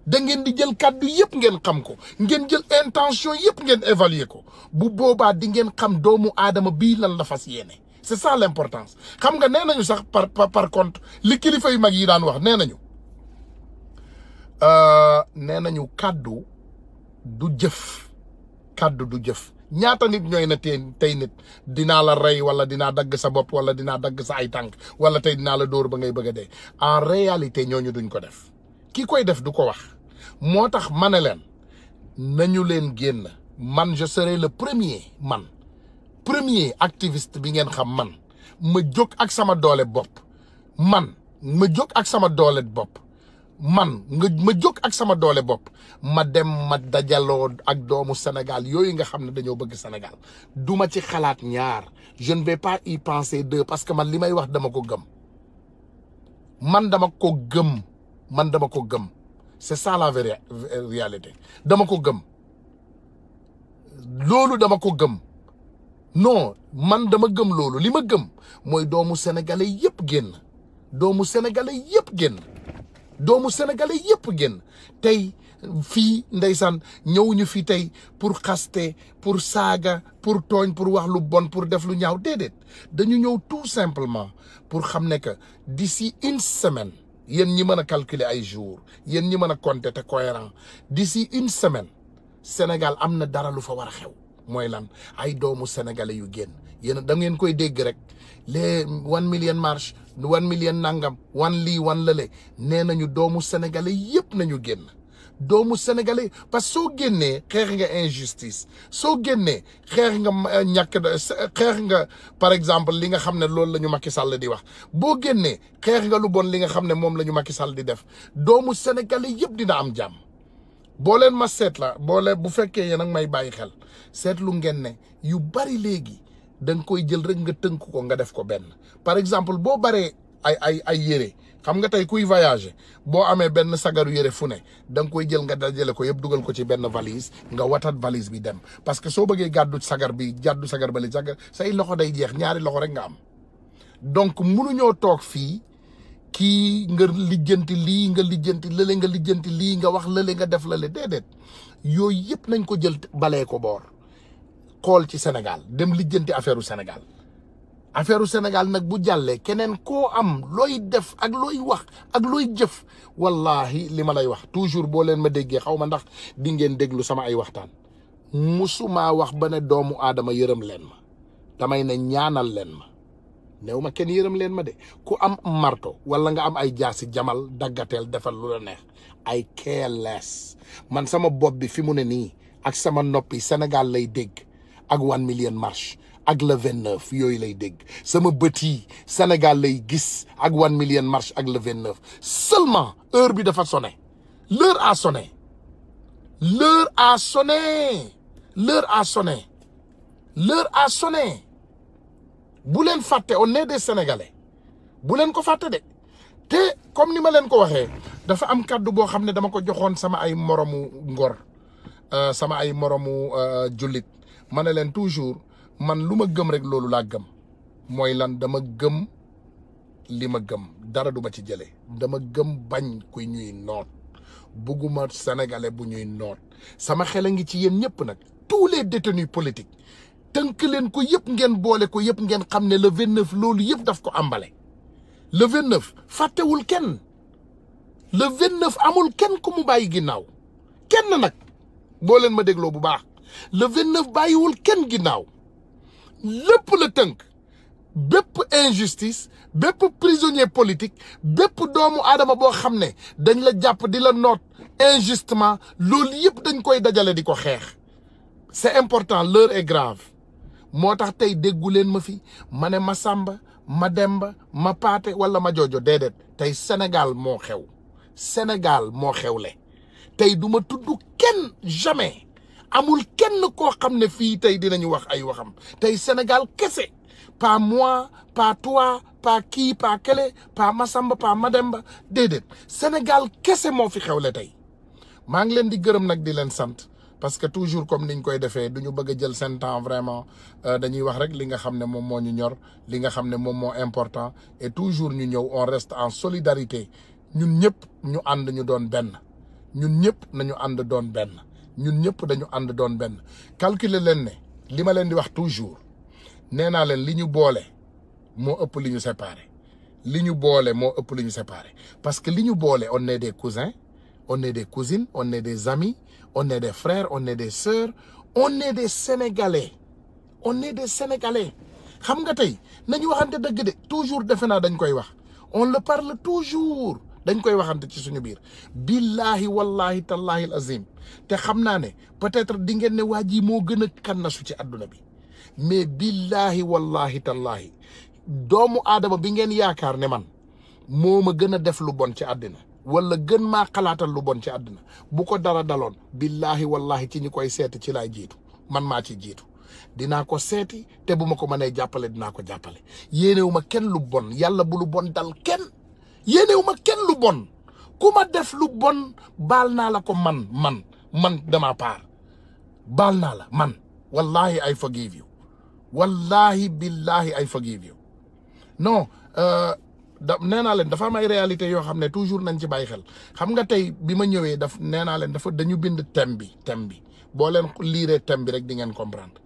S1: da ngeen di jël kàddu yëpp ngeen xam ko ngeen jël intention yëpp ngeen évaluer ko bu boobaa di ngeen xam doomu aadama bii lan la fas yéene c'est ça l'importance xam nga nee nañu sax par par contre li kilifa yu mag yi daan wax nee nañu euh, nee nañu kàddu du jëf kàddu du jëf ñaata nit ñooy na tey tey nit dinaa la rey wala dinaa dagg sa bopp wala dinaa dagg sa ay tànk wala tey dinaa la dóor ba ngay bëgg dee en réalité ñooñu duñ ko def ki koy def du ko wax moo tax ma ne leen nañu leen génn man je serai le premier man premier activiste bi ngeen xam man ma jóg ak sama doole bopp man ma jóg ak sama doole bopp man nga ma jóg ak sama doole bopp ma dem ma dajaloo ak doomu Sénégal yooyu nga xam ne dañoo bëgg Sénégal du ma ci xalaat ñaar jeune ne vais pas y penser deux parce que man li may wax dama ko gëm man dama ko gëm man dama ko gëm c'est ça la vraie réalité dama ko gëm loolu dama ko gëm non man dama gëm loolu li ma gëm mooy doomu sénégalais yëpp génn doomu sénégalais yëpp génn doomu sénégalais yëpp génn tey fii ndeysaan ñëwuñu fi tey pour xaste pour saaga pour tooñ pour wax lu bon pour def lu ñaaw déedéet dañu ñëw tout simplement pour xam ne que si une semaine yéen ñi mën a calculer ay jours yéen ñi mën a compter te di si une semaine Sénégal am na dara lu fa war a xew mooy lan ay doomu sénégalais yu génn yéen da ngeen koy dégg rek les wan million marche wan million nangam wan lii wan lële nee nañu doomu sénégalais yëpp ñu génn doomu sénégalais parce que soo génnee xeex nga injustice soo génnee xeex nga euh, ñàkk euh, xeex nga par exemple li nga xam ne loolu la ñu Macky Sall di wax boo génnee xeex nga lu bon li nga xam ne moom la ñu Macky Sall di def doomu sénégalais yëpp dina am jàmm boo leen ma seet la boo leen bu fekkee yéen nag may bàyyi xel seetlu ngeen ne yu bari léegi da koy jël rek nga tënk ko nga def ko benn par exemple boo baree ay ay ay yére xam nga tey kuy voyager boo amee benn sagaru yére fu ne da koy jël nga dajale ko yëpp dugal ko ci benn valise nga watat valise bi dem parce que soo bëggee gàddu sagar bi gàddu sagar bali sagar say loxo day jeex ñaari loxo rek nga am donc munuñoo toog fii kii nga lijjanti lii nga lijjanti lële nga lijjanti lii nga wax lële nga def lële déedéet yooyu yëpp nañ ko jël balee ko boor xool ci Sénégal dem lijjanti affaire u Sénégal affaire u Sénégal nag bu jàllee keneen koo am looy def ak looy wax ak looy jëf wallahi li ma lay wax toujours boo leen ma déggee xaw ma ndax dingeen ngeen déglu sama ay waxtaan musumaa wax ba ne doomu aadama yërëm leen ma damay ne ñaanal leen ma néew ma kenn yërëm leen ma de ku am marto wala nga am ay jaasi jamal daggateel defal lu la neex ay keelees man sama bopp bi fi mu ne nii ak sama noppi Sénégal lay dégg ak wan million marche ak le vingt neuf yooyu lay dégg sama bët yi Sénégal lay gis ak one million marche ak le vingt neuf seulement heure bi dafa sonné l'heure a sonné l'heure a sonné l'heure a sonné l'heure a sonné bu leen fàtte on est des Sénégalais bu leen ko fàtte de te comme ni ma leen ko waxee dafa am kàddu boo xam ne dama ko joxoon sama ay moromu ngor euh, sama ay moromu euh, jullit ma ne leen toujours man lu ma gëm rek loolu laa gëm mooy lan dama gëm li ma gëm dara duma ci jële dama gëm bañ ku ñuy noot bugguma sénégalais bu ñuy noot sama xel a ngi ci yéen ñëpp nag tous les détenus politiques tënk leen ko yëpp ngeen boole ko yëpp ngeen xam ne le 29 loolu yëpp daf ko àmbale le 29 fàttewul kenn le 29 amul kenn ku mu bàyyi ginnaaw kenn nag boo leen ma dégloo bu baax le 29 bàyyiwul kenn ginnaaw. lépp la tënk bépp injustice bépp prisonnier politique bépp doomu aadama boo xam ne dañ la jàpp di la noot injustement loolu yëpp dañ koy dajale di ko xeex c'est important leur est grave moo tax tey déggu leen ma fi ma ne ma sàmba ma demba ma paate wala ma joojo déedéet tey Sénégal moo xew Sénégal moo xewle tey du ma tudd kenn jamais amul kenn ko xam ne fii tey dinañu wax ay waxam tey Sénégal kese pas moi pas toi pas kii pas kele pas Masamba pas Mademba déedéet Sénégal kese moo fi xewle tey maa ngi leen di gërëm nag di leen sant parce que toujours comme ñu koy defee du ñu bëgg a jël seen temps vraiment euh, dañuy wax rek li nga xam ne moom moo ñu ñor li nga xam ne moom moo important et toujours ñu ñëw on reste en solidarité ñun ñëpp ñu ànd ñu doon benn ñun ñëpp nañu ànd doon benn ñun ñëpp dañu ànd doon benn calculer leen ne li ma leen di wax toujours nee naa leen li ñu boole moo ëpp li ñu séparé li ñu boole moo ëpp li ñu séparé parce que li ñu boole on est des cousins on est des cousines on est des amis on est des frères on est des sœurs on est des sénégalais on est des sénégalais xam nga tey nañu waxante dëgg de toujours defe naa dañ koy wax on le parle toujours dañ koy waxante ci suñu biir billahi wallahi tallahi al azim te xam naa ne peut-être di ngeen ne waa ji moo gën a kannasu ci àdduna bi mais billahi wallahi tallahi doomu aadama bi ngeen yaakaar ne man moo ma gën a def lu bon ci àddina wala gën maa xalaatal lu bon ci àddina bu ko dara daloon billahi wallahi ci ñi koy seeti ci laay jiitu man maa ci jiitu dinaa ko seeti te bu ma ko mënee jàppale dinaa ko jàppale yéenewu ma kenn lu bon yàlla bu lu bon dal kenn yéenewu ma kenn lu bon ku ma def lu bon baal naa la ko man man man dama paar baal naa la man wallahi I forgive you wallahi billahi I forgive you non euh, da nee naa leen dafa am ay réalité yoo xam ne toujours nañ ci bàyyi xel xam nga tey bi ma ñëwee daf nee naa leen dafa dañu bind thème bi thème bi boo leen liiree thème bi rek di ngeen comprendre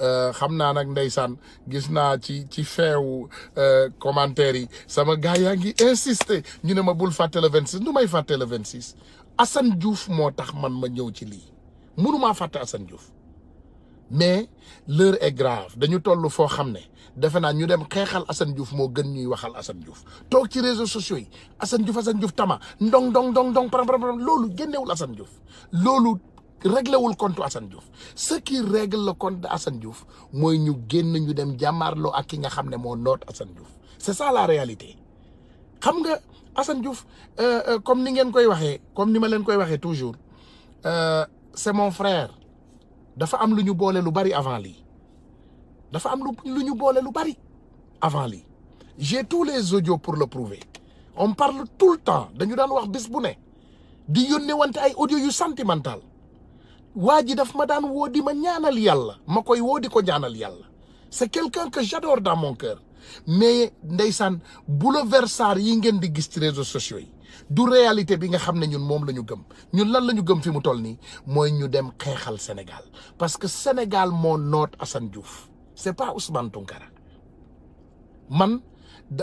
S1: Euh, xam naa nag ndeysaan gis naa ci ci feewu euh, commentaire yi sama gars yaa ngi insister ñu ne ma bul fàtte vingt 26 nu may fàtte le 26 Assane Diouf moo tax man ma ñëw ci lii mënumaa fàtte Assane Diouf mais l'heure est grave dañu toll foo xam ne defe naa ñu dem xeexal Assane Diouf moo gën ñuy waxal Assane Diouf toog ci réseau sociaux yi Assane Diouf Assane Diouf tama ndong ndong ndong ndong param param loolu génnewul Assane Diouf loolu. réglé wul compte Assane Diouf ce qui règle le compte de assan Diouf mooy ñu génn ñu dem jàmmaarloo ak ki nga xam ne moo noot assan Diouf c'est ça la réalité xam nga Assane Diouf euh, euh, comme ni ngeen koy waxee comme ni ma leen koy waxee toujours euh, c'est mon frère dafa am lu ñu boole lu bari avant lii dafa am lu ñu boole lu bari avant li j'ai tous les audios pour le prouver on parle tout le temps dañu daan wax bis bu ne di yónnee wante ay audio yu sentimental waa ji daf ma daan woo di ma ñaanal yàlla ma koy woo di ko ñaanal yàlla c'est quelqu'un que j'adore dans mon cœur mais ndeysaan bouleversant yi ngeen di gis ci réseaux sociaux yi du réalité bi nga xam ne ñun moom la gëm ñun lan la ñu gëm fi mu toll nii mooy ñu dem xeexal Sénégal parce que Sénégal moo noot Assane Diouf c'est pas Ousmane Tounkara man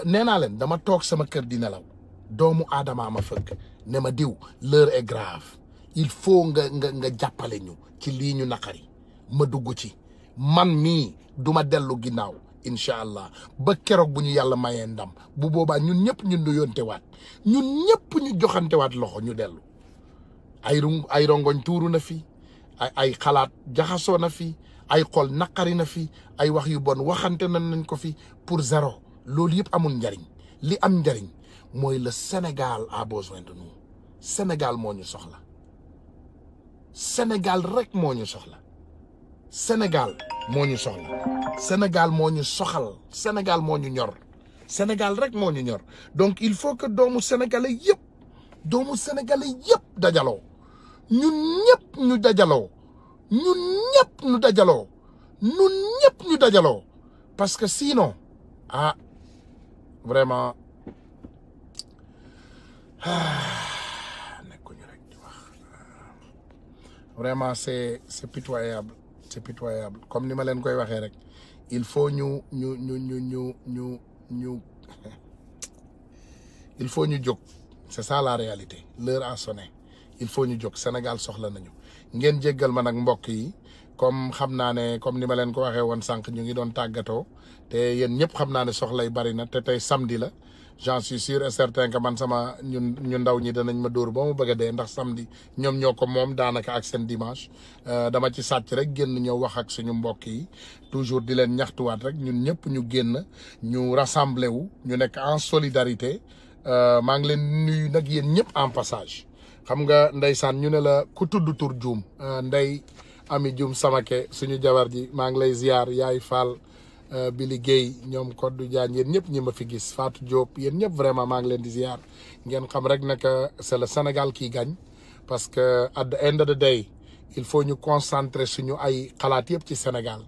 S1: nee naa leen dama toog sama kër di nelaw doomu aadama ma fëgg ne ma diw leur est grave il faut nga nga nga jàppale ñu ci lii ñu naqari ma dugg ci man mii duma dellu ginnaaw incha allah ba keroog bu ñu yàlla mayee ndam bu boobaa ñun ñëpp ñu nuyontewaat ñun ñëpp ñu joxantewaat loxo ñu dellu ay ay rongoñ tuuru na fi ay xalaat jaxasoo na fi ay xol naqari na fi ay wax yu bon waxante nañ nañ ko fi pour zéro loolu yëpp amul njariñ li am njariñ mooy le Sénégal a besoin de Sénégal moo ñu soxla Sénégal rek moo ñu soxla Sénégal moo ñu soxla Sénégal soxal Sénégal moo ñu ñor Sénégal rek moo ñu ñor donc il faut que doomu sénégalais yëpp doomu sénégalais yëpp dajaloo ñu ñëpp ñu dajaloo ñun ñëpp ñu dajaloo ñun ñëpp ñu dajaloo parce que sinon ah vraiment. Ah. vraiment c'est c'est pitoyable comme ni ma leen koy waxee rek il faut ñu ñu ñu ñu ñu ñu ñu il faut ñu jóg c'est ça la réalité l'heure a sonné il faut ñu jóg Sénégal soxla nañu ngeen jéggal ma nag mbokk yi comme xam naa ne comme ni ma leen ko waxee woon sànq ñu ngi doon tàggatoo te yéen ñëpp xam naa ne soxlay bari na te tey samedi la j'en suis sûr et certain que man sama ñun ñu ndaw ñi danañ ma dóor boo mu bëgg dee ndax samedi ñoom ñoo ko moom daanaka ak seen dimanche euh, dama ci sàcc rek génn ñëw wax ak suñu mbokk yi toujours di leen ñaxtuwaat rek ñun ñëpp ñu génn ñu rassemblé wu ñu nekk en solidarité euh, maa ngi leen nuyu nag yéen ñëpp en passage xam nga ndeysaan ñu ne la ku tudd tur juum euh, ndey ami juum sama samake suñu jabar ji maa ngi lay ziar yaay faal Euh, bi liggéey ñoom Codou Diagne yéen ñëpp ñi ma fi gis Fatou Diop yéen ñëpp vraiment maa ngi leen di ziar ngeen xam rek nag c'est le Sénégal qui gagne parce que at the end of the day il faut ñu concentrer suñu ay xalaat yëpp ci Sénégal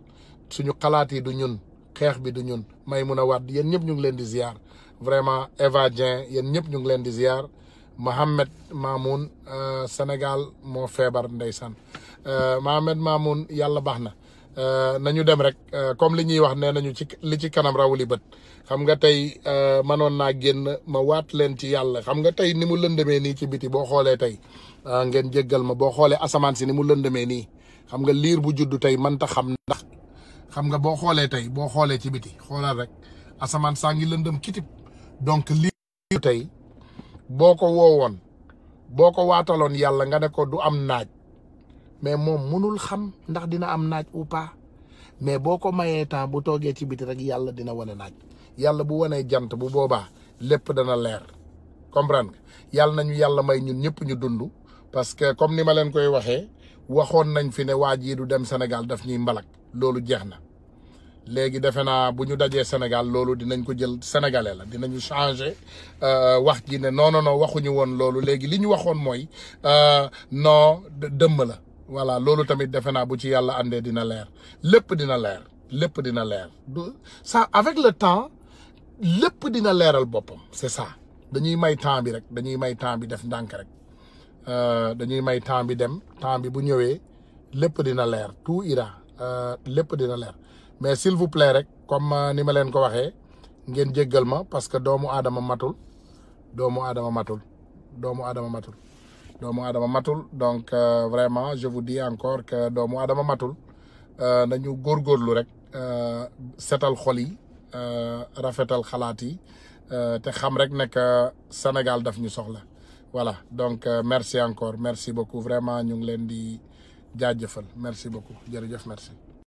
S1: suñu xalaat yi du ñun xeex bi du ñun Maïmouna Wade yéen ñëpp ñu ngi leen di ziar vraiment Eva Dieng yéen ñëpp ñu ngi leen di ziar Mohamed Mamoun euh, Sénégal moo feebar ndeysaan euh, Mohamed Mamoun yàlla baax na. Euh, na ñu dem rek euh, comme li ñuy wax nee nañu ci li ci kanam rawuli bët xam nga tey euh, mënoon naa gën ma waat leen ci yàlla xam nga tey ni mu lëndëmee nii ci biti boo xoolee tey ngeen jéggal ma boo xoolee asamaan si ni mu lëndëmee nii xam nga liir bu juddu tey mënta xam ndax xam nga boo xoolee tey boo xoolee ci biti xoolal rek asamaan saa ngi lëndëm kitib donc liir boo ko woowoon boo ko waataloon yàlla nga ne ko du am naaj mais moom mënul xam ndax dina am naaj ou pas mais boo ko mayee temps bu toogee ci biti rek yàlla dina wane naaj yàlla bu wanee jant bu boobaa lépp dana leer comprendre nga yàlla nañu yàlla may ñun ñëpp ñu dund parce que comme ni ma leen koy waxee waxoon nañ fi ne waa jii du dem Sénégal daf ñuy mbalak loolu jeex na léegi defe naa bu ñu dajee Sénégal loolu dinañ ko jël sénégalais la dinañu changer euh, wax ji ne non non waxuñu woon loolu léegi li ñu waxoon mooy euh, non dëmm la voilà loolu tamit defe naa bu ci yàlla àndee dina leer lépp dina leer lépp dina leer du ça avec le temps lépp dina leeral boppam c'est ça dañuy may temps bi rek dañuy may temps bi def ndànk rek euh, dañuy may temps bi dem temps bi bu ñëwee lépp dina leer tout ira euh, lépp dina leer mais s'il vous rek comme euh, ni ma leen ko waxee ngeen jéggal ma parce que doomu aadama matul doomu aadama matul doomu aadama matul doomu aadama matul donc euh, vraiment je vous dis encore que doomu adama matul euh, nañu góorgóorlu rek euh, setal xol yi rafetal xalaat yi te xam rek ne que Sénégal daf ñu soxla wala donc merci
S3: encore merci beaucoup vraiment ñu ngi leen di jaajëfal merci beaucoup jërëjëf merci.